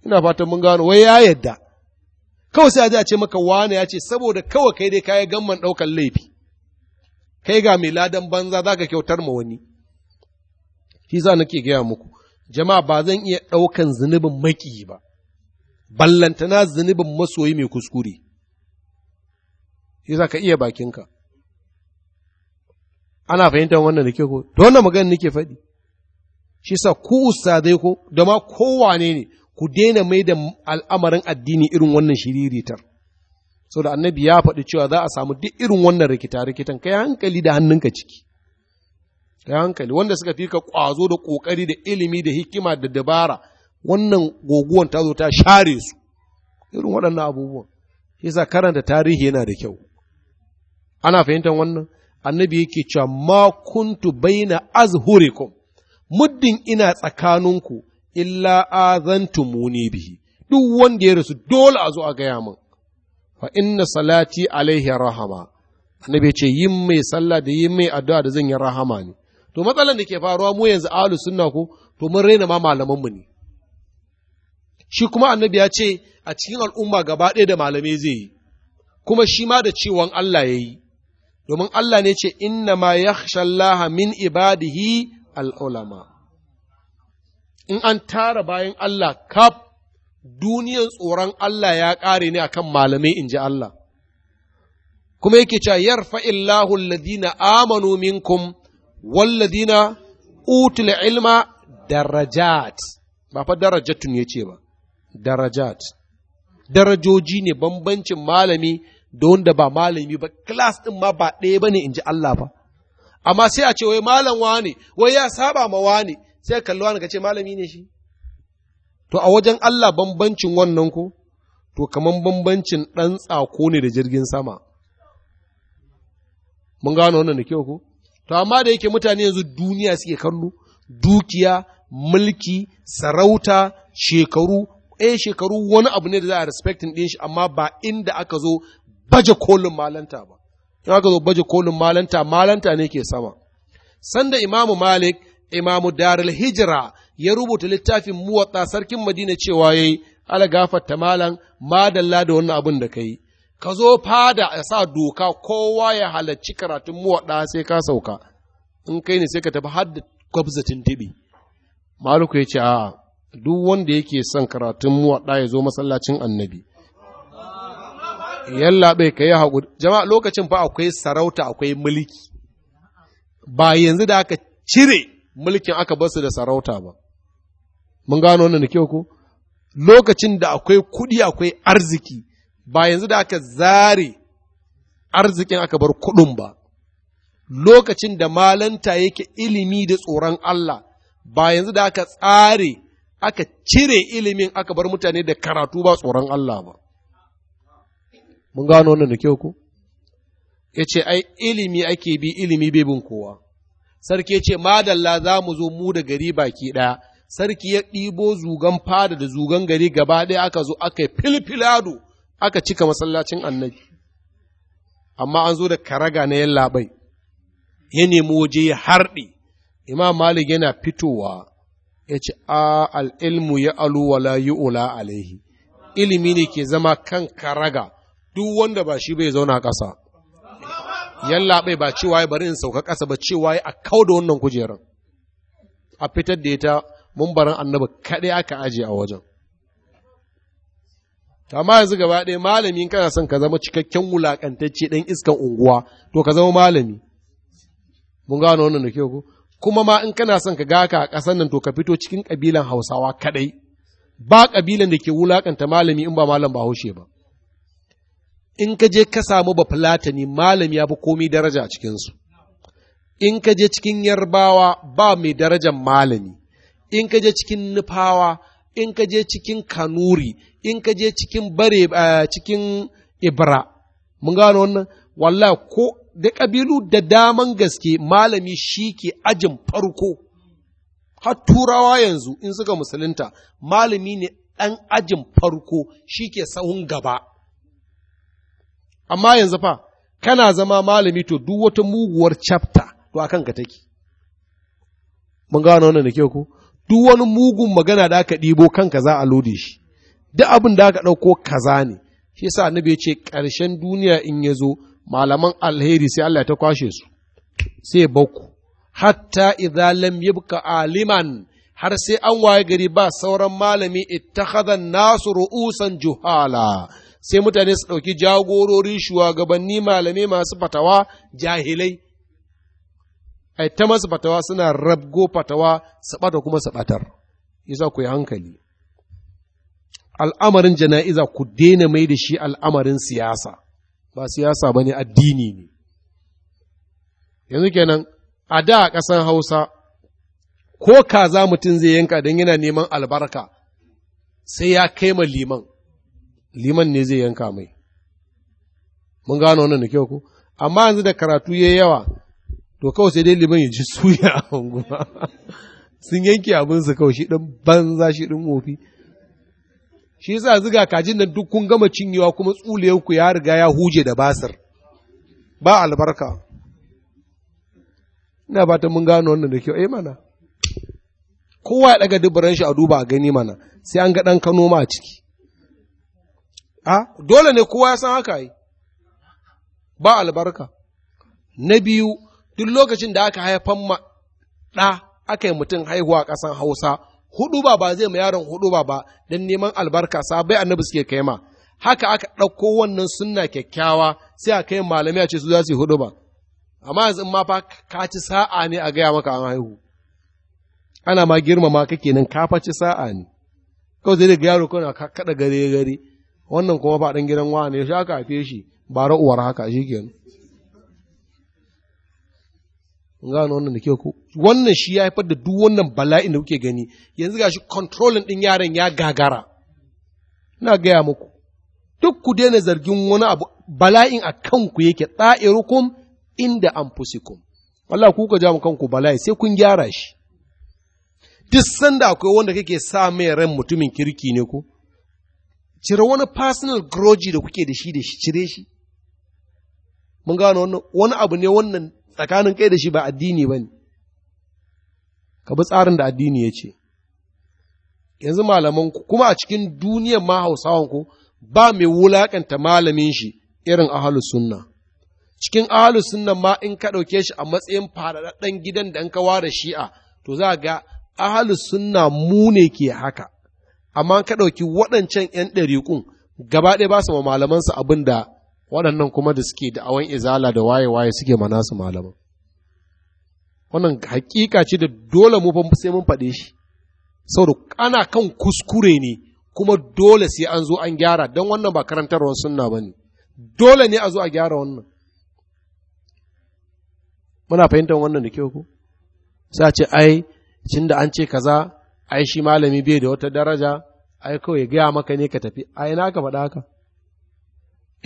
ina fatan mun gano wai ya yadda kawai sai a ce maka wani ya ce saboda kawai kai dai kayi gamman daukan laifi kai ga mai ladan banza za ka kyautar ma wani shi za nake gaya muku jama'a ba zan iya ɗaukan zunubin maki ba ballantana zunubin masoyi mai kuskure shi za ka iya bakinka ana fahimtar wannan da ke ko da wannan magana nake faɗi shi sa ku ustadai ko da ma kowane ne ku daina mai da al'amarin addini irin wannan shiriritar so da annabi ya faɗi cewa za a samu duk irin wannan rikita rikitan kai hankali da hannunka ciki kai hankali wanda suka fi ka ƙwazo da ƙoƙari da ilimi da hikima da dabara wannan goguwan ta zo ta share su irin waɗannan abubuwan karanta tarihi yana da kyau ana fahimtar wannan annabi yake cewa ma kuntu baina azhurikum muddin ina tsakaninku illa azantumuni bihi duk wanda ya rasu dole a zo a gaya min fa inna salati alaihi rahama annabi ce yin mai sallah da yin mai addu'a da zan yi rahama ne to matsalan da ke faruwa mu yanzu ahlus sunna ko to mun raina ma malaman mu ne shi kuma annabi ya ce a cikin al'umma gaba ɗaya da malamai zai yi kuma shi ma da cewan Allah ya yi domin Allah ne ce inna ma shallaha min ibadihi al'ulama. In an tara bayan Allah kaf duniyar tsoron Allah ya ƙare ne akan malamai in ji Allah. Kuma yake cewa yarfa fa'illahu ladina amanu minkum walladina utul ilma darajat ba fa darajatun ce ba darajat darajoji ne bambancin malami da wanda ba malami ba class ɗin ma ba ɗaya bane in ji Allah ba amma sai a ce wai malam wai ya saba ma ne? sai kalluwa wani ka ce malami ne shi to a wajen Allah bambancin wannan ko to kaman bambancin ɗan tsako ne da jirgin sama mun gano wannan da kyau ko to amma da yake mutane yanzu duniya suke kallo dukiya mulki sarauta shekaru ɗaya eh, shekaru wani abu ne da za a respectin ɗin shi amma ba inda aka zo baje kolin malanta ba in aka zo baje kolin malanta malanta ne ke sama sanda imamu malik imamu darul hijira ya rubuta littafin muwatta sarkin madina cewa yayi ala ta malam madalla da wannan abin da kai ka zo fada ya sa doka kowa ya halarci karatun muwaɗa sai ka sauka in kai ne sai ka tafi da gwabzatin dibi maluku ya ce a duk wanda yake son karatun muwaɗa ya zo masallacin annabi yallaɓe ka yi haƙuri jama'a lokacin ba akwai sarauta akwai mulki ba yanzu da aka cire mulkin aka basu da sarauta ba mun gano wannan da kyau ko lokacin da akwai kuɗi akwai arziki ba yanzu da aka zare arzikin aka bar kuɗin ba lokacin da malanta yake ilimi da tsoron Allah ba yanzu da aka tsare aka cire ilimin aka bar mutane da karatu ba tsoron Allah ba mun gano wannan da kyau ko ya ce ai ilimi ake bi ilimi bai bin kowa sarki ya ce madalla za mu zo mu da gari baki ɗaya sarki ya ɗibo zugan fada da zugan gari gaba ɗaya aka zo aka yi filfilado aka cika masallacin annabi amma an zo da karaga na yallaɓai ya nemo waje ya harɗe imam malik yana fitowa ya ce a al'ilmu ya alu wala yi ula alaihi ilimi ne ke zama kan karaga duk wanda ba shi bai zauna ƙasa yalla bai ba cewa ya bari in sauka ƙasa ba cewa ya a da wannan kujerar a fitar da ita mumbarin annabi kaɗai aka aje a wajen amma yanzu gaba ɗaya malami kana son ka zama cikakken wulaƙantacce ɗan iskan unguwa to ka zama malami mun gano wannan da ke ku kuma ma in kana son ka gaka a ƙasar nan to ka fito cikin ƙabilan hausawa kaɗai ba ƙabilan da ke wulaƙanta malami in ba malam bahaushe ba in ka je ka samu bafulatani malami ya fi komi daraja a cikinsu in ka je cikin yarbawa ba mai darajar malami in ka je cikin nufawa in ka je cikin kanuri in ka je cikin bare eh, cikin ibra mun gano wannan walla ko da ƙabilu da daman gaske malami shi ke ajin farko har turawa yanzu in suka musulunta malami ne ɗan ajin farko shi ke sahun gaba amma yanzu fa kana zama malami to duk wata muguwar chapter to akan ka take mun gano wannan da kyau ko duk wani mugun magana da aka ɗibo kanka za a lode shi duk abin da aka ɗauko kaza ne shi yasa annabi ya ce ƙarshen duniya in ya zo malaman alheri sai Allah ta kwashe su sai bakku hatta idza lam yabqa aliman har sai an waye gari ba sauran malami ittakhadha nasu ru'usan juhala sai mutane su ɗauki jagorori shugabanni malamai masu fatawa jahilai ai ta masu fatawa suna rabgo fatawa su kuma su ɓatar ku yi hankali al'amarin jana'iza ku daina mai da shi al'amarin siyasa ba siyasa ba ne addini ne yanzu kenan a da a ƙasan hausa ko kaza mutum zai yanka don yana neman albarka sai ya kai ma liman liman ne zai yanka mai mun gano wannan da kyau ko amma yanzu da karatu ya yawa to kawai sai dai liman ya ji suya a unguwa sun yanke su kawai shi ɗin banza shi ɗin wofi shi yasa ziga kajin nan duk kun gama cinyewa kuma ku ya riga ya huje da basir ba albarka ina fata mun gano wannan da kyau eh mana kowa ya daga dubaran shi a duba a gani mana sai an ga ɗan kano ma a ciki a dole ne kowa ya san haka yi ba albarka na biyu duk lokacin da aka haifan ma ɗa aka yi mutum haihuwa a ƙasan hausa hudu ba ba zai ma yaron hudu ba ba don neman albarka sabai annabi suke kai ma haka aka ɗauko wannan sunna kyakkyawa sai a kai malamai a ce su za su yi hudu ba amma yanzu ma fa ka ci sa'a ne a gaya maka an haihu ana ma girmama kake nan ka fa ci sa'a ne kawai zai daga yaro na kaɗa gare gare wannan kuma ba ɗan gidan wane shi aka haife shi ba ra'uwar haka shi kenan gano wannan da ke ku wannan shi ya haifar da duk wannan bala'in da kuke gani yanzu gashi kontrolin ɗin yaran ya gagara ina gaya muku duk ku daina zargin wani abu bala'in a kanku yake ɗa'irukum inda an fusikum Allah ku ka ja mu kanku bala'i sai kun gyara shi duk sanda akwai wanda kake sa mai ran mutumin kirki ne ku cire wani personal groji da kuke da shi da shi cire shi mun gano wannan wani abu ne wannan tsakanin kai da shi ba addini ba ne ka bi tsarin da addini ya ce yanzu malaman ku kuma a cikin duniyar ma hausawan ku ba mai wulakanta malamin shi irin ahalu sunna cikin ahalu sunna ma in ka ɗauke shi a matsayin faɗaɗɗen gidan da an ka ware shi'a to za ga ahalu sunna mu ne ke haka amma ka ɗauki waɗancan 'yan ɗariƙun gaba ɗaya ba su ma malamansu abin da waɗannan kuma da suke da awon izala da waye-waye suke mana su malaman wannan hakika ce da dole mu fa sai mun faɗe shi saboda ana kan kuskure ne kuma dole sai an zo an gyara don wannan ba karantarwar sunna ba ne dole ne a zo a gyara wannan muna fahimtar wannan da kyau ko sai a ce ai cin da an ce kaza ai shi malami bai da wata daraja ai kawai ya gaya maka ne ka tafi ai na ka faɗa haka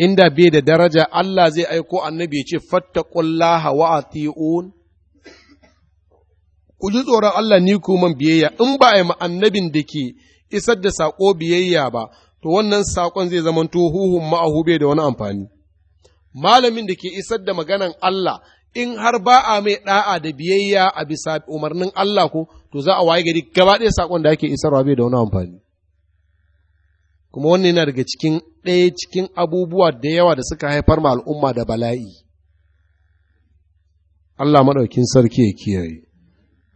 inda bai da daraja Allah zai aiko annabi ya ce fattaqullaha wa ati'un ku ji tsoron Allah ni ku man biyayya in ba a annabin da ke isar da sako biyayya ba to wannan sakon zai zamanto huhun ma'ahu bai da wani amfani malamin da ke isar da maganan Allah in har ba a mai ɗa'a da biyayya a bisa umarnin Allah ko to za a waye gari gaba ɗaya saƙon da ake isarwa bai da wani amfani kuma wannan yana daga cikin ɗaya cikin abubuwa da yawa da suka haifar ma al'umma da bala'i Allah maɗaukin sarki ya kiyaye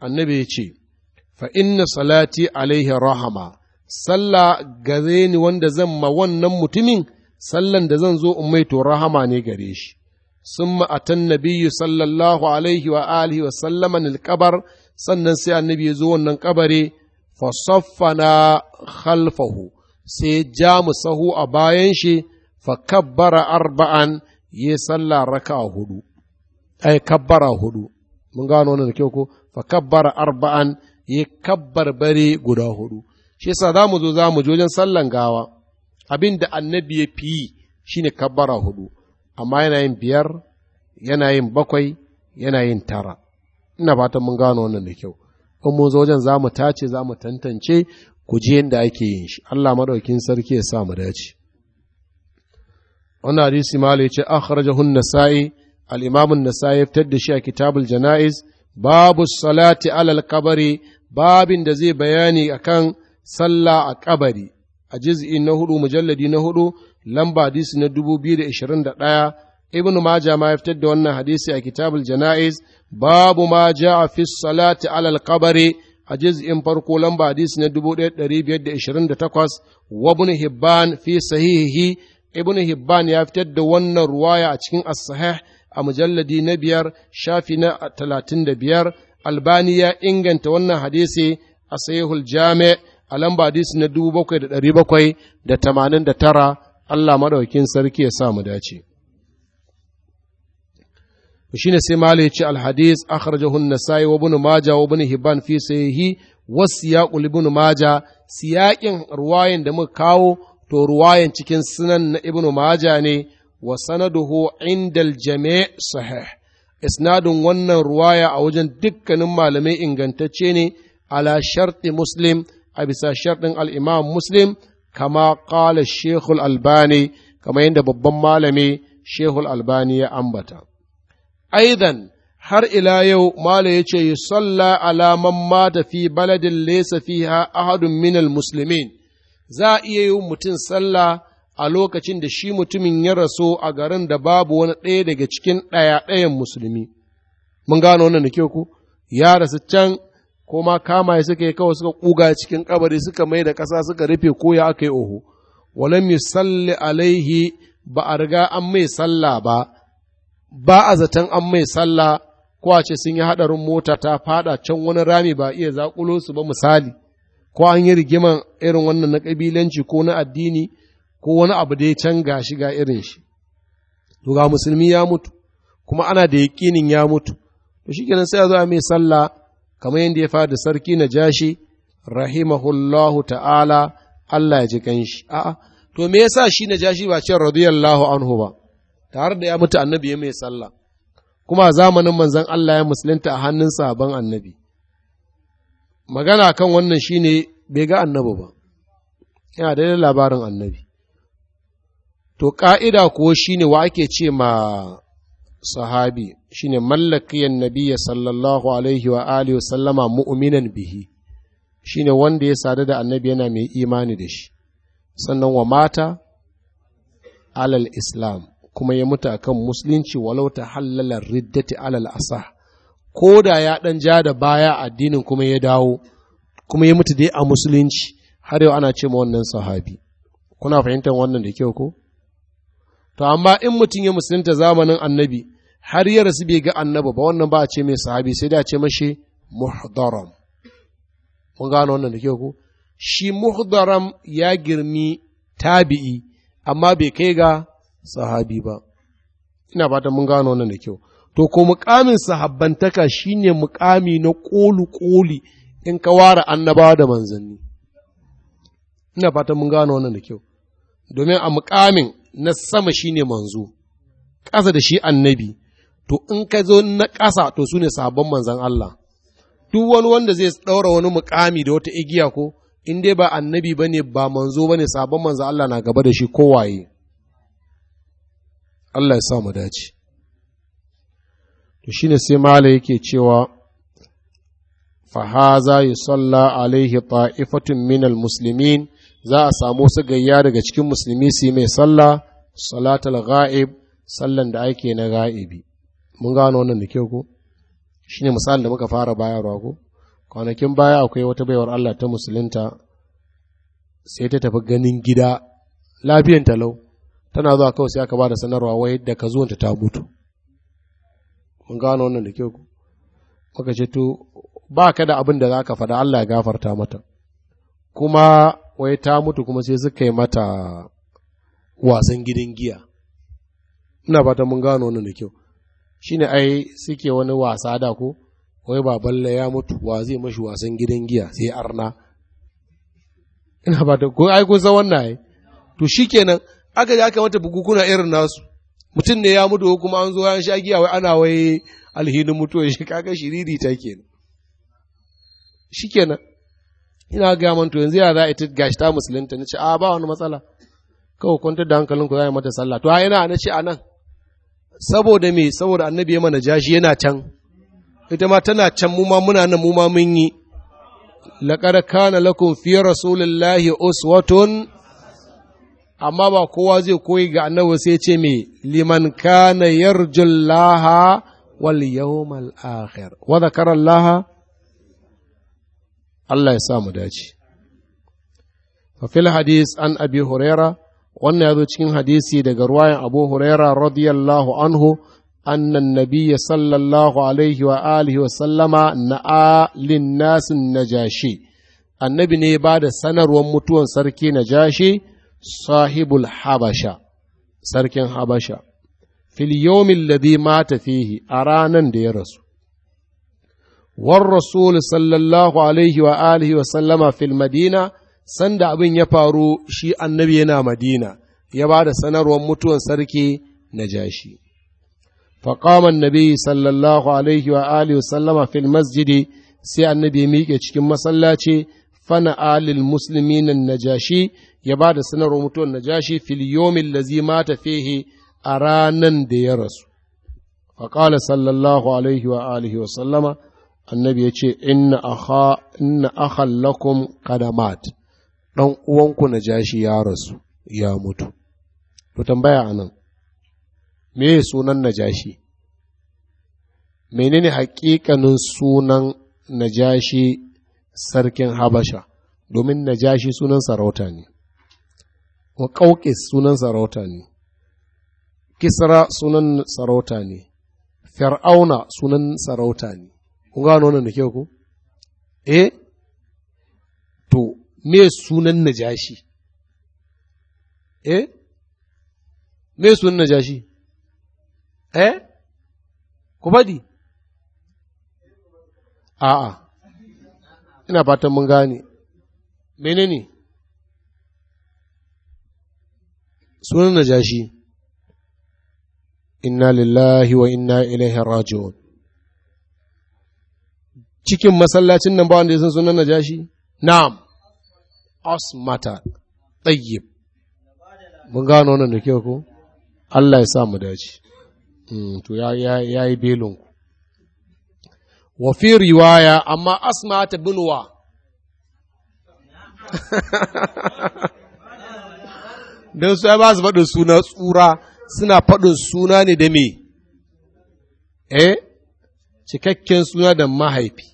annabi ya ce fa inna salati alaihi rahama sallah gare ni wanda zan ma wannan mutumin sallan da zan zo in maito rahama ne gare shi summa atan nabiyyu sallallahu alaihi wa alihi wa sallama nil kabar sannan sai annabi ya zo wannan kabari fa saffana khalfahu sai ja mu a bayan shi fa kabbara arba'an ya salla raka hudu ai kabbara hudu mun gano wannan da kyau ko fa kabbara arba'an ya kabbar bare guda hudu shi yasa za mu zo za mu wajen sallan gawa abinda da annabi ya fi yi shine kabbara hudu amma yana yin biyar yana yin bakwai yana yin tara ina ba mun gano wannan da kyau in mun zo wajen za mu tace za mu tantance ku ji yadda ake yin shi Allah maɗaukin sarki ya sa mu dace wannan hadisi malai ce akhrajahu an-nasa'i al nasai ya fitar da shi a kitabul janaiz babu salati alal kabari babin da zai bayani akan sallah a kabari a juz'i na hudu mujalladi na hudu lamba hadisi na 2021 ibnu maja ma ya fitar da wannan hadisi a kitabul janaiz babu ma ja a fi salati alal kabari a juz'in farko lamba hadisi na 1528 wa ibn hibban fi sahihihi ibn hibban ya fitar da wannan ruwaya a cikin as-sahih a mujalladi na biyar shafi na 35 albani ya inganta wannan hadisi a sahihul jami' a lamba hadisi na 7789 Allah maɗaukin sarki ya sa mu dace shine sai malai ce alhadis akhrajahu an-nasai wa ibn majah wa ibn hibban fi sahihi wa siyaqul ibn majah siyaqin ruwayan da muka kawo to ruwayan cikin sunan na ibn majah ne wa sanaduhu indal jami' sahih isnadun wannan ruwaya a wajen dukkanin malamai ingantacce ne ala sharti muslim a bisa al-imam muslim kama ƙala shekul albani kamar yadda babban malami shekul albani ya ambata aidan har ila yau mala ya ce yi salla alaman matafi baladin lesa fiha ahadun minal musulmin za a iya yi mutum sallah a lokacin da shi mutumin ya rasu a garin da babu wani ɗaya daga cikin ɗaya ɗayan musulmi mun gano wannan da kyau ku ya rasu can ko ma kama suka yi kawai suka kuga cikin kabari suka mai da ƙasa suka rufe ko ya aka yi oho walam yusalli alaihi ba a riga an mai sallah ba ba a zaton an mai salla ko a ce sun yi haɗarin mota ta fada can wani rami ba iya zakulo su ba misali ko an yi rigiman irin wannan na ƙabilanci ko na addini ko wani abu da ya can gashi ga irin shi to ga musulmi ya mutu kuma ana da yaƙinin ya mutu to shikenan sai a zo a mai sallah kamar yadda ya fada sarki na jashi rahimahullahu ta'ala Allah ya ji kanshi a'a to me yasa shi na jashi ba ce radiyallahu anhu ba tare da ya mutu annabi ya mai sallah kuma zamanin manzon Allah ya musulunta a hannun sabon annabi magana kan wannan shine bai ga annabi ba yana da labarin annabi to ƙa'ida kuwa shine wa ake ce ma sahabi shine mallakiyan Nabiya sallallahu alaihi wa alihi sallama mu'minan bihi shine wanda ya sadu da annabi yana mai imani da shi sannan wa mata alal islam kuma ya mutu akan musulunci walau ta halalar riddati alal asa ko da ya ɗan ja da baya addinin kuma ya dawo kuma ya mutu dai a musulunci har yau ana ce ma wannan sahabi kuna fahimtar wannan da kyau ko to amma in mutum ya musulunta zamanin annabi har ya rasu bai ga annabi ba wannan ba a ce mai sahabi sai da ce mashi muhdaram mun gano wannan da ke ku shi muhdaram ya girmi tabi'i amma bai kai ga sahabi ba ina fata mun gano wannan da kyau to ko mukamin sahabbantaka shine mukami na kolu koli in ka ware annabawa da manzanni ina fatan mun gano wannan da kyau domin a mukamin na sama shine manzo ƙasa da shi annabi to in ka zo na ƙasa to su ne sabon manzan Allah duk wani wanda zai ɗaura wani mukami da wata igiya ko in dai ba annabi ba ne ba manzo ba ne sabon manzan Allah na gaba da shi kowaye Allah ya sa mu dace to shine sai mala yake cewa fahaza salla alaihi ta'ifatun minal muslimin za a samu su gayya daga cikin musulmi su yi mai salla salatul ga'ib, sallan da ake na ga'ibi mun gano wannan da kyau ko shine misalin da muka fara bayarwa ko kwanakin baya akwai wata baiwar Allah ta musulunta sai ta tafi ganin gida lafiyan talau tana zuwa kawai sai aka bada sanarwa wai da ka zuwanta ta mutu mun gano wannan da kyau ko muka ce to ba ka da abin da za ka faɗa Allah ya gafarta mata kuma wai ta mutu kuma sai suka yi mata wasan gidan giya ina fata mun gano wannan da kyau shine ai suke wani wasa da ko wai ba balle ya mutu wa zai mashi wasan gidan giya sai arna ina ba ta ko ai ko san wannan ai to shikenan aka ji aka mata bugukuna irin nasu mutum ne ya mutu kuma an zo ya sha giya wai ana wai alhinin mutuwa shi kaga shiriri ta kenan shikenan ina ga man to yanzu ya za ita gashi ta musulunta nace a ah, ba wani matsala kawai kwantar da ku za a yi mata sallah to ai ina nace a nan saboda me saboda annabi ya mana jashi yana can ita ma tana can mu muna nan mu mun yi laqad kana lakum fi rasulillahi uswatun amma ba kowa zai koyi ga annabi sai ce me liman kana yarjullaha wal yawmal akhir wa dhakara Allah Allah ya sa mu dace fa fil hadith an abi hurairah wannan ya zo cikin hadisi daga ruwayan abu huraira radiyallahu anhu annan Nabiya sallallahu alaihi wa alihi wa sallama na'a lin nasin najashi annabi ne ba da sanarwar mutuwan sarki najashi sahibul habasha sarkin habasha fil yawmin ladhi mata fihi a ranan da ya rasu war rasul sallallahu alaihi wa alihi wa sallama fil madina sanda abin ya faru shi annabi yana madina ya ba da sanarwar mutuwan sarki na jashi nabi sallallahu alaihi wa alihi وآله fil في sai annabi ya miƙe cikin masallaci fana alil muslimin najashi ya ba da sanarwar mutuwar najashi fil yomin lazi mata fihi a ranan da ya rasu faƙala sallallahu alaihi wa alihi wa sallama annabi ya ce inna akha lakum qadamat ɗan uwanku na jashi ya rasu ya mutu to tambaya anan me sunan najashi menene hakikanin sunan najashi sarkin habasha domin najashi sunan sarauta ne wa ƙauƙis sunan sarauta ne kisra sunan sarauta ne fir'auna sunan sarauta ne kun gano wannan da kyau ku eh me sunan najashi eh me sunan najashi eh ku faɗi a'a ina fatan mun gane menene sunan najashi inna lillahi wa inna ilaihi raji'un cikin masallacin nan ba wanda ya san sunan najashi na'am asmata tsayyib mun gano wannan da kyau ko Allah ya sa mu dace hmm, to ya yi belin ku wa fi riwaya amma asmata binwa don su ba su faɗin suna tsura suna faɗin suna ne da me eh cikakken suna da mahaifi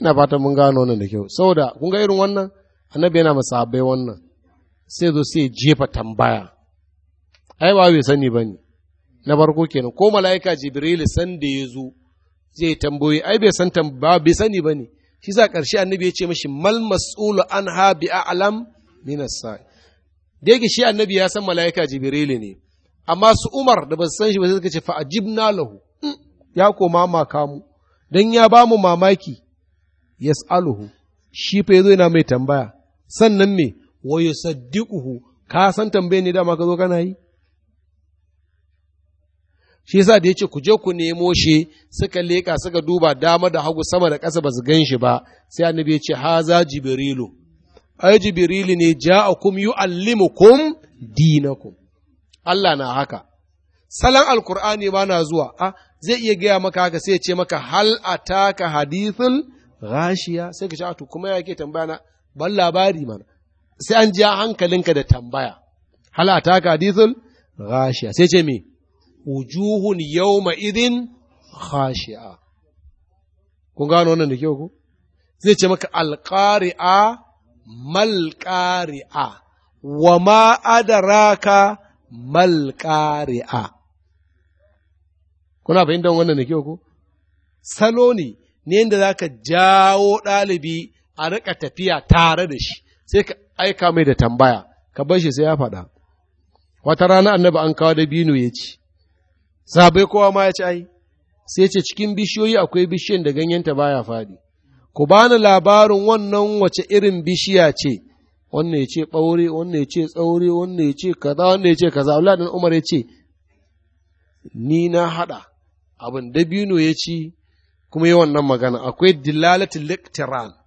ina fatan mun gano nan da kyau saboda kun ga irin wannan annabi yana masahabai wannan sai zo sai jefa tambaya ai ba bai sani bane na farko kenan ko mala'ika jibril san da ya zo zai tambayi ai bai san ba bai sani bane shi sa ƙarshe annabi ya ce mashi mal mas'ulu an ha bi a'lam min as-sa'i da yake shi annabi ya san mala'ika jibril ne amma su umar da ba san shi ba sai suka ce fa ajibna lahu hmm, ya koma maka mu dan ya bamu mu mamaki yas'aluhu shi fa yazo yana mai tambaya sannan me wa yusaddiquhu ka san tambaye ne dama ka zo kana yi shi yasa da yace ku je ku nemo shi suka leka suka duba dama da hagu sama da ƙasa ba su gan shi ba sai annabi ya ce haza jibrilu ai jibrilu ne ja'akum yu'allimukum dinakum Allah na haka salon alkur'ani ba na zuwa a zai iya gaya maka haka sai ya ce maka hal taka hadithul rashiya sai ka ce to kuma yake tambaya na ban labari mana sai an ji hankalinka da tambaya halata ka dizul rashiya sai ce me wujuhun yawma idin khashi'a kun gano wannan da kyau ko zai ce maka alqari'a malqari'a wa ma adaraka malqari'a kuna fahimtar wannan da kyau ko salo ne ne yadda za ka jawo ɗalibi a riƙa tafiya tare da shi sai ka aika mai da tambaya ka bar shi sai ya faɗa wata rana annabi an kawo da bino ya ci sabai kowa ma ya ci ai sai ce cikin bishiyoyi akwai bishiyan da ganyen ganyenta baya faɗi ku bani labarin wannan wace irin bishiya ce wannan ya ce ɓaure wannan ya ce tsaure wannan ya ce kaza wannan ya ce kaza Abdullahi Umar ya ce ni na haɗa abin dabino ya ci kuma yi wannan magana akwai dilalatul liqtiran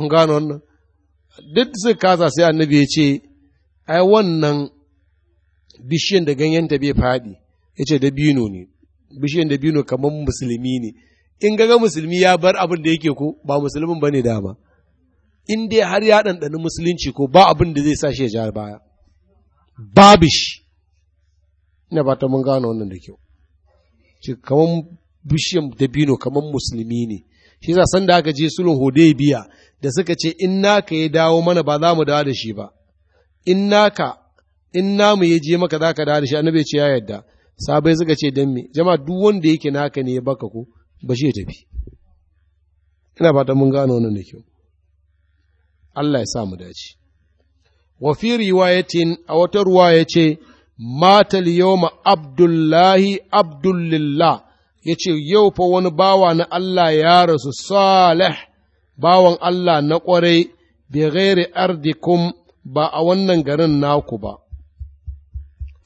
kun gano wannan duk kasa sai annabi ya ce ai wannan bishiyan da ganyenta bai faɗi ya ce dabino ne bishiyan dabino kamar musulmi ne in gaga musulmi ya bar abin da yake ko ba musulmin ba ne dama in dai har ya ɗanɗani musulunci ko ba abin da zai sa shi ya ja baya babu ina ba ta mun gano wannan da kyau ce kamar bishiyan dabino kamar musulmi ne shi yasa san da aka je sulhun biya. da suka ce in naka ya dawo mana ba za mu dawo da shi ba in naka in namu ya je maka za ka dawo da shi annabi ce ya yarda sabai suka ce dan me jama'a duk wanda yake naka ne ya baka ko ba shi ya tafi ina fata mun gano wannan da kyau Allah ya sa mu dace wa fi riwayatin a wata ruwa ya ce Mata liyoma abdullahi abdullillah ya ce yau fa wani bawa na Allah ya rasu salih bawan Allah na ƙwarai, bi ghairi ardikum ba a wannan garin naku ba.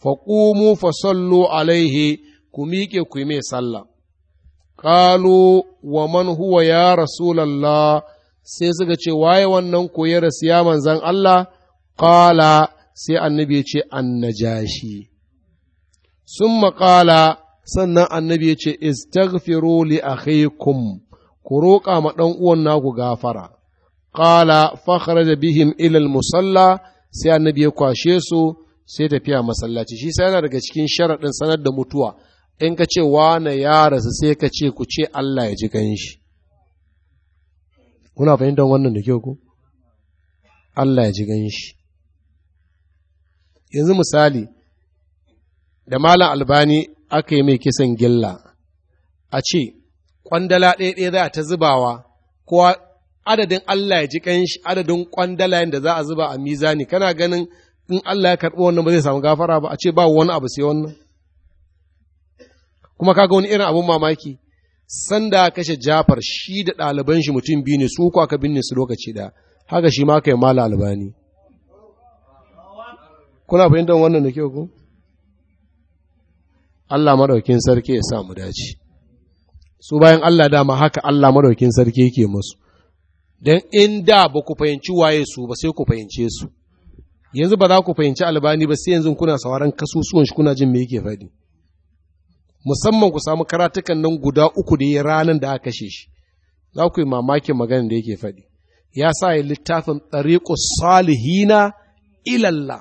Faƙumu fa sallu alaihi ku miƙe ku mai sallah. Ƙalu wa man huwa ya Rasulallah sai suka ce waye wannan koyar da rasu manzan Allah, ƙala sai annabi ce an najashi. Sun maƙala sannan annabi ce istaghfiru li akhikum ku roƙa ma ɗan uwan naku gafara qala da bihim ilal musalla sai annabi ya kwashe su sai tafiya masallaci shi sai yana daga cikin sharaɗin sanar da mutuwa in ka ce wane ya rasu sai ka ce ku ce Allah ya ji ganshi kuna fahimtar wannan da kyau ko Allah ya ji ganshi yanzu misali da malam albani aka yi mai kisan gilla a ce kwandala ɗaya ɗaya za a ta zubawa, ko adadin Allah ya ji ƙanshi adadin kwandalayen da za a zuba a mizani, kana ganin in Allah ya karɓi wannan ba zai samu gafara ba, a ce ba wani abu sai wannan. Kuma kaga wani irin abun mamaki, sanda kashe jafar shi da ɗaliban shi mutum biyu ne su ko aka binne su lokaci ɗaya, haka shi ma ka yi mala albani. Kuna fahimtar wannan da kyau ko? Allah maɗaukin sarki ya samu mu dace. su bayan Allah dama haka Allah madaukin sarki yake musu dan in da ba ku fahimci waye su ba sai ku fahimce su yanzu ba za ku fahimci albani ba sai yanzu kuna sauraron kasusuwan shi kuna jin me yake faɗi musamman ku samu karatukan nan guda uku da ya ranar da aka kashe shi za ku yi mamakin magana da yake faɗi ya sa ya littafin tsariƙo salihina ilalla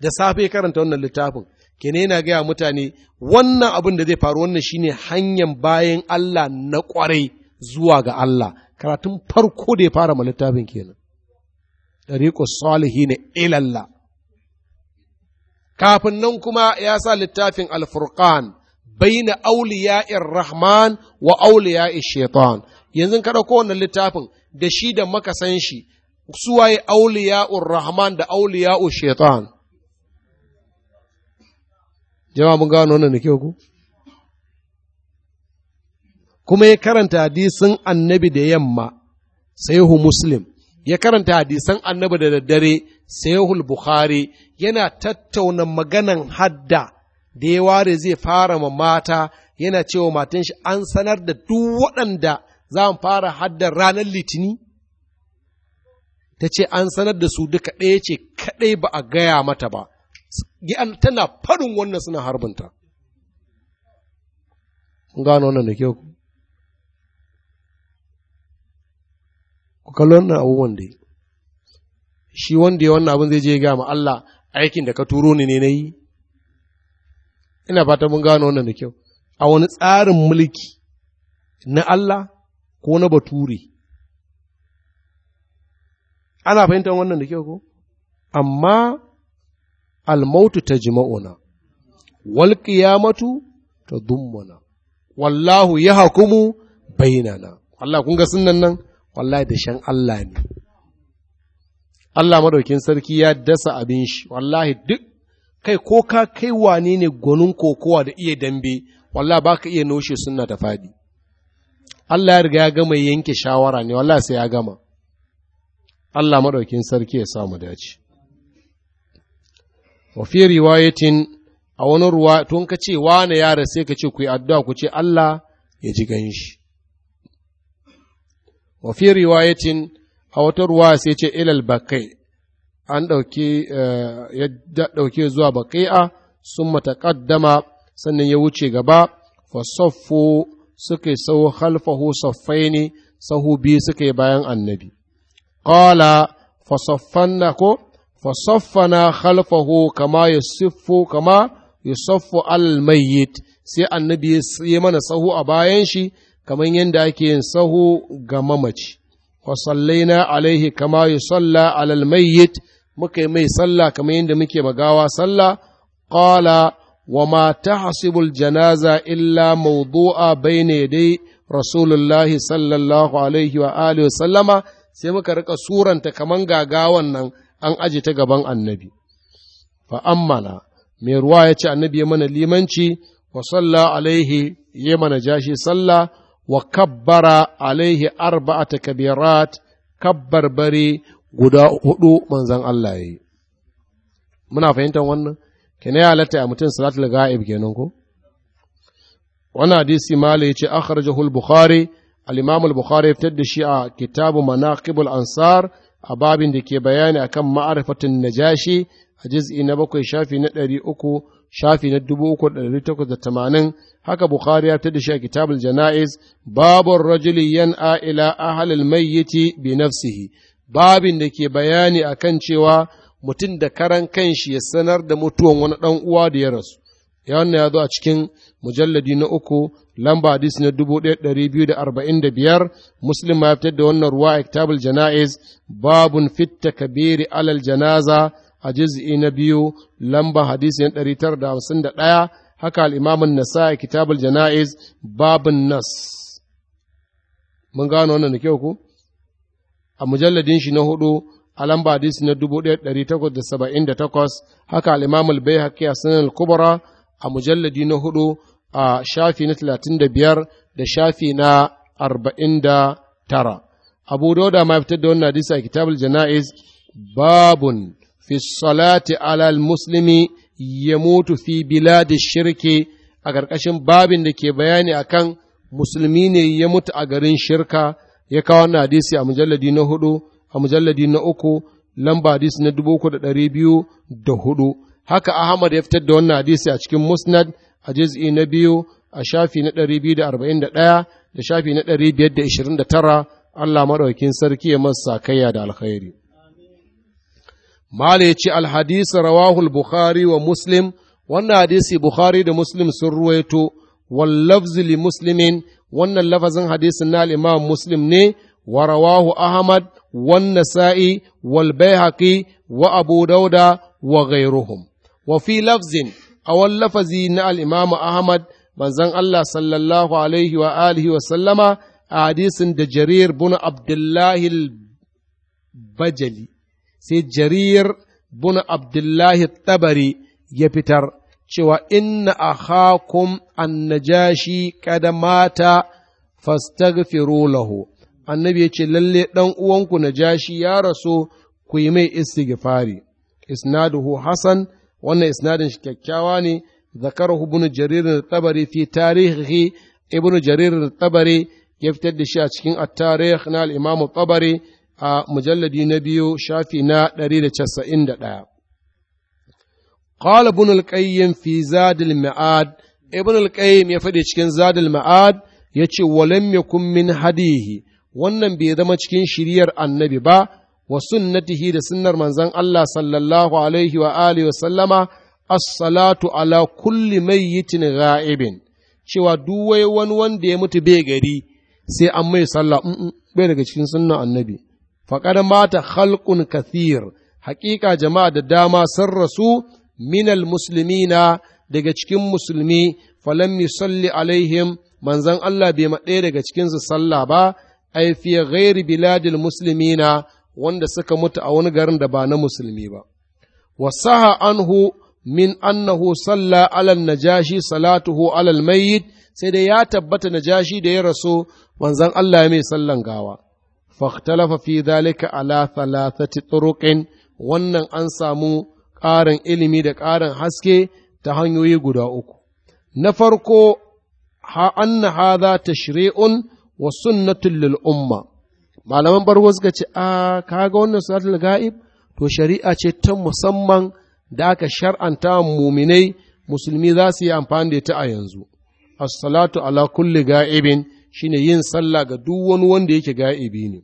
da safe karanta wannan littafin kene na gaya mutane wannan abin da zai faru wannan shine hanyar bayan Allah na kwarai zuwa ga Allah karatun farko da ya fara ma littafin kenan tariqu salihin ila Allah kafin nan kuma ya sa littafin al-furqan baina awliya'ir rahman wa awliya'ish shaitan yanzu ka dauko wannan littafin da shi da maka san shi suwaye awliya'ur rahman da awliya'ush shaitan jama'a mun gano wannan da ke ku kuma ya karanta hadisin annabi da yamma sayahu muslim ya karanta hadisan annabi da daddare sayahul bukhari yana tattauna maganan hadda da ya ware zai fara ma mata yana cewa matan shi an sanar da duk waɗanda za mu fara haddar ranar litini ta ce an sanar da su duka ɗaya ce kaɗai ba a gaya mata ba tana farin wannan suna harbinta gano wannan da kyau ku kalli wannan abubuwan da shi wanda ya wannan abin zai je ga ma Allah aikin da ka turo ni ne na yi ina fata mun gano wannan da kyau a wani tsarin mulki na Allah ko na bature ana fahimtar wannan da kyau ko amma almautu ta jima'una, wal ƙiyamatu ta dummuna, wallahu ya hakumu bainana. Allah kun ga sunan nan, wallahi da shan Allah ne. Allah madaukin sarki ya dasa abin shi, wallahi duk kai ko ka kai wa ne gwanin kokowa da iya dambe, wallahi baka iya noshe sunna da faɗi. Allah ya riga ya gama yanke shawara ne, wallahi sai ya gama. Allah madaukin sarki ya samu dace. wa fi riwayatin a wani ruwa tun ka ce wane yara sai ka ce ku yi addu'a ku ce Allah ya ji ganshi wa fi riwayatin a wata ruwa sai ce ilal bakai an dauke eh, ya ɗauke zuwa baƙi'a sun mataƙaddama sannan ya wuce gaba fasofo suka yi sau halfahu saffai ne sahu biyu suka yi bayan annabi ƙala fasoffan na ko fasaffana khalfahu kama yusiffu kama yusaffu al mayyit sai annabi ya mana sahu a bayan shi kaman yadda ake yin sahu ga mamaci wa sallaina alaihi kama yusalla alal mayyit muka yi mai sallah kamar yadda muke magawa sallah qala wa ma tahsibul janaza illa mawdu'a bayna yadai rasulullahi sallallahu alaihi wa alihi sai muka rika suranta kaman gagawan nan an aje ta gaban annabi fa ammana mai ruwa ya ce annabi ya mana limanci wa salla alaihi ya mana jashi salla wa kabbara alaihi arba'ata kabirat bari guda hudu manzan Allah ya yi muna fahimtar wannan kene ya halatta a mutum salatul ga'ib kenan ko wannan hadisi ya ce akhrajahu al-bukhari al-imam al-bukhari ya fitar da shi a kitabu manaqibul ansar a babin da ke bayani a akan ma'arifatin najashi a juz'i na bakwai shafi na ɗari uku shafi na dubu uku da ɗari takwas da tamanin haka bukhari ya tada shi a kitabul jana'iz babun rajuli halin mai ahalil mayyiti bi nafsihi babin da ke bayani a kan cewa mutum da karan kanshi ya sanar da mutuwan wani ɗan uwa da ya rasu ya ya zo a cikin mujalladi na uku lamba hadisi na dubu ɗaya ɗari biyu da arba'in da biyar muslim ma fitar da wannan ruwa a kitabul jana'iz babun fitta kabiri alal janaza a juz'i na biyu lamba hadisi na ɗari tara da hamsin da ɗaya haka al'imamun nasa a kitabul jana'iz babun nas mun gano wannan da kyau ku a mujalladin shi na hudu a lamba hadisi na dubu ɗaya ɗari takwas da saba'in da takwas haka al'imamul bai haƙƙi a sunan kubra a mujalladi na hudu a shafi na talatin da biyar da shafi na arba'in da tara abu dauda ma fitar da wannan hadisi a kitabul jana'iz babun fi salati alal muslimi ya mutu fi biladi shirki a ƙarƙashin babin da ke bayani akan musulmi ne ya mutu a garin shirka ya kawo wannan hadisi a mujalladi na hudu a mujalladi na uku lamba hadisi na dubu uku da ɗari biyu da hudu haka ahmad ya fitar da wannan hadisi a cikin musnad a jiz'i na biyu a shafi na ɗari biyu da arba'in da da ɗaya shafi na ɗari biyar da da tara, Allah maɗaukin sarki ya masa kayya da alkhairi. Mala ya ce alhadisa rawahul Bukhari wa Muslim, wannan hadisi Bukhari da Muslim sun ruwaito, wallafzi li muslimin, wannan lafazin hadisin na al'imam Muslim ne, wa rawahu Ahmad, Wannan sa'i wal Baihaqi, wa Abu Dauda, wa gairuhum. Wa fi lafzin a lafazi na al'imamu Ahmad manzon Allah sallallahu alaihi wa alihi wa sallama a hadisin da jarir bin Abdullahi bajali sai jarir bin Abdullahi tabari ya fitar cewa inna akhakum annajashi kada mata fastaghfiru lahu annabi ya ce lalle ɗan uwanku najashi ya rasu ku yi mai istighfari isnaduhu hasan wannan isnadin shi kyakkyawa ne zakarahu ibn jarir tabari fi tarihi ibn jarir tabari ya fitar da shi a cikin at-tarikh na al-imam tabari a mujalladi na biyu shafi na 191 qala ibn al-qayyim fi zad al-ma'ad ibn al-qayyim ya faɗi cikin zad al-ma'ad yace walam yakun min hadihi wannan bai zama cikin shiriyar annabi ba wa sunnatihi da sunnar manzon Allah sallallahu alaihi wa alihi wa sallama as-salatu ala kulli mayyitin gha'ibin cewa duk wai wani wanda ya mutu bai gari sai an mai sallah bai daga cikin sunnan annabi faqad mata khalqun kathir haƙiƙa jama'a da dama sun rasu minal muslimina daga cikin musulmi falam yusalli alaihim manzon Allah bai ma ɗaya daga cikinsu sallah ba ai fi ghairi biladil muslimina wanda suka mutu a wani garin da ba na musulmi ba wasaha anhu min annahu salla alal najashi salatuhu alal mayyit sai dai ya tabbata najashi da ya rasu manzon Allah mai sallan gawa fahtalafa fi dhalika ala thalathati turuqin wannan an samu ƙarin ilimi da ƙarin haske ta hanyoyi guda uku na farko ha anna hadha tashri'un wa sunnatun lil umma malaman bargo suka ce a kaga wannan salatul ga'ib to shari'a ce ta musamman da aka shar'anta muminai musulmi za su yi amfani da ta a yanzu Asalatu salatu ala kulli ga'ibin shine yin sallah ga duk wani wanda yake ga'ibi ne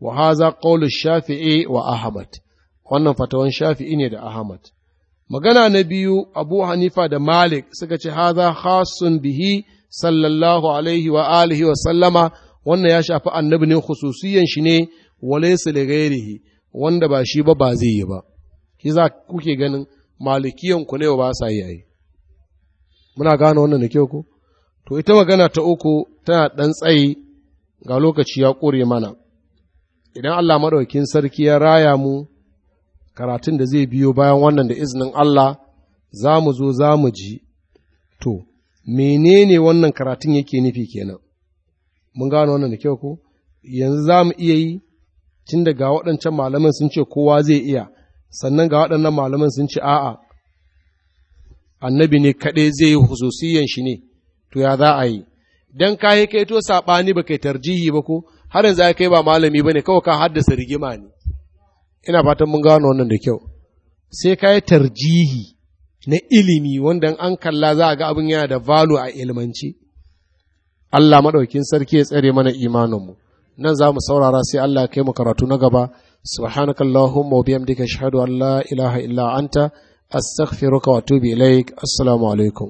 wa haza qawlu shafi'i wa ahmad wannan fatawan shafi'i ne da ahmad magana na biyu abu hanifa da malik suka ce haza khasun bihi sallallahu alaihi wa alihi wa sallama wannan ya shafi annabi ne khususiyan shi ne wale su ghairihi wanda ba shi ba ba zai yi ba ki za kuke ganin malikiyan ku ne ba sa yi muna gane wannan da kyau ko to ita magana ta uku tana dan tsayi ga lokaci ya kore mana idan Allah madaukin sarki ya raya mu karatun da zai biyo bayan wannan da izinin Allah za mu zo za mu ji to menene wannan karatun yake nufi kenan mun gano wannan da kyau ko yanzu za mu iya yi tun da ga waɗancan malaman sun ce kowa zai iya sannan ga waɗannan malaman sun ce a'a annabi ne kaɗai zai yi hususiyan shi ne to ya za a yi don ka yi kai to saɓani ba kai tarjihi ba ko har yanzu ya kai ba malami ba ne kawai ka haddasa rigima ne ina fatan mun gano wannan da kyau sai ka yi tarjihi na ilimi wanda an kalla za a ga abin yana da valo a ilimance Allah maɗaukin sarki ya tsare mana imaninmu nan za mu saurara sai Allah ya kai mu karatu na gaba subhanaka allahumma wa bihamdika ashhadu an la ilaha illa anta astaghfiruka wa atubu ilaik assalamu alaikum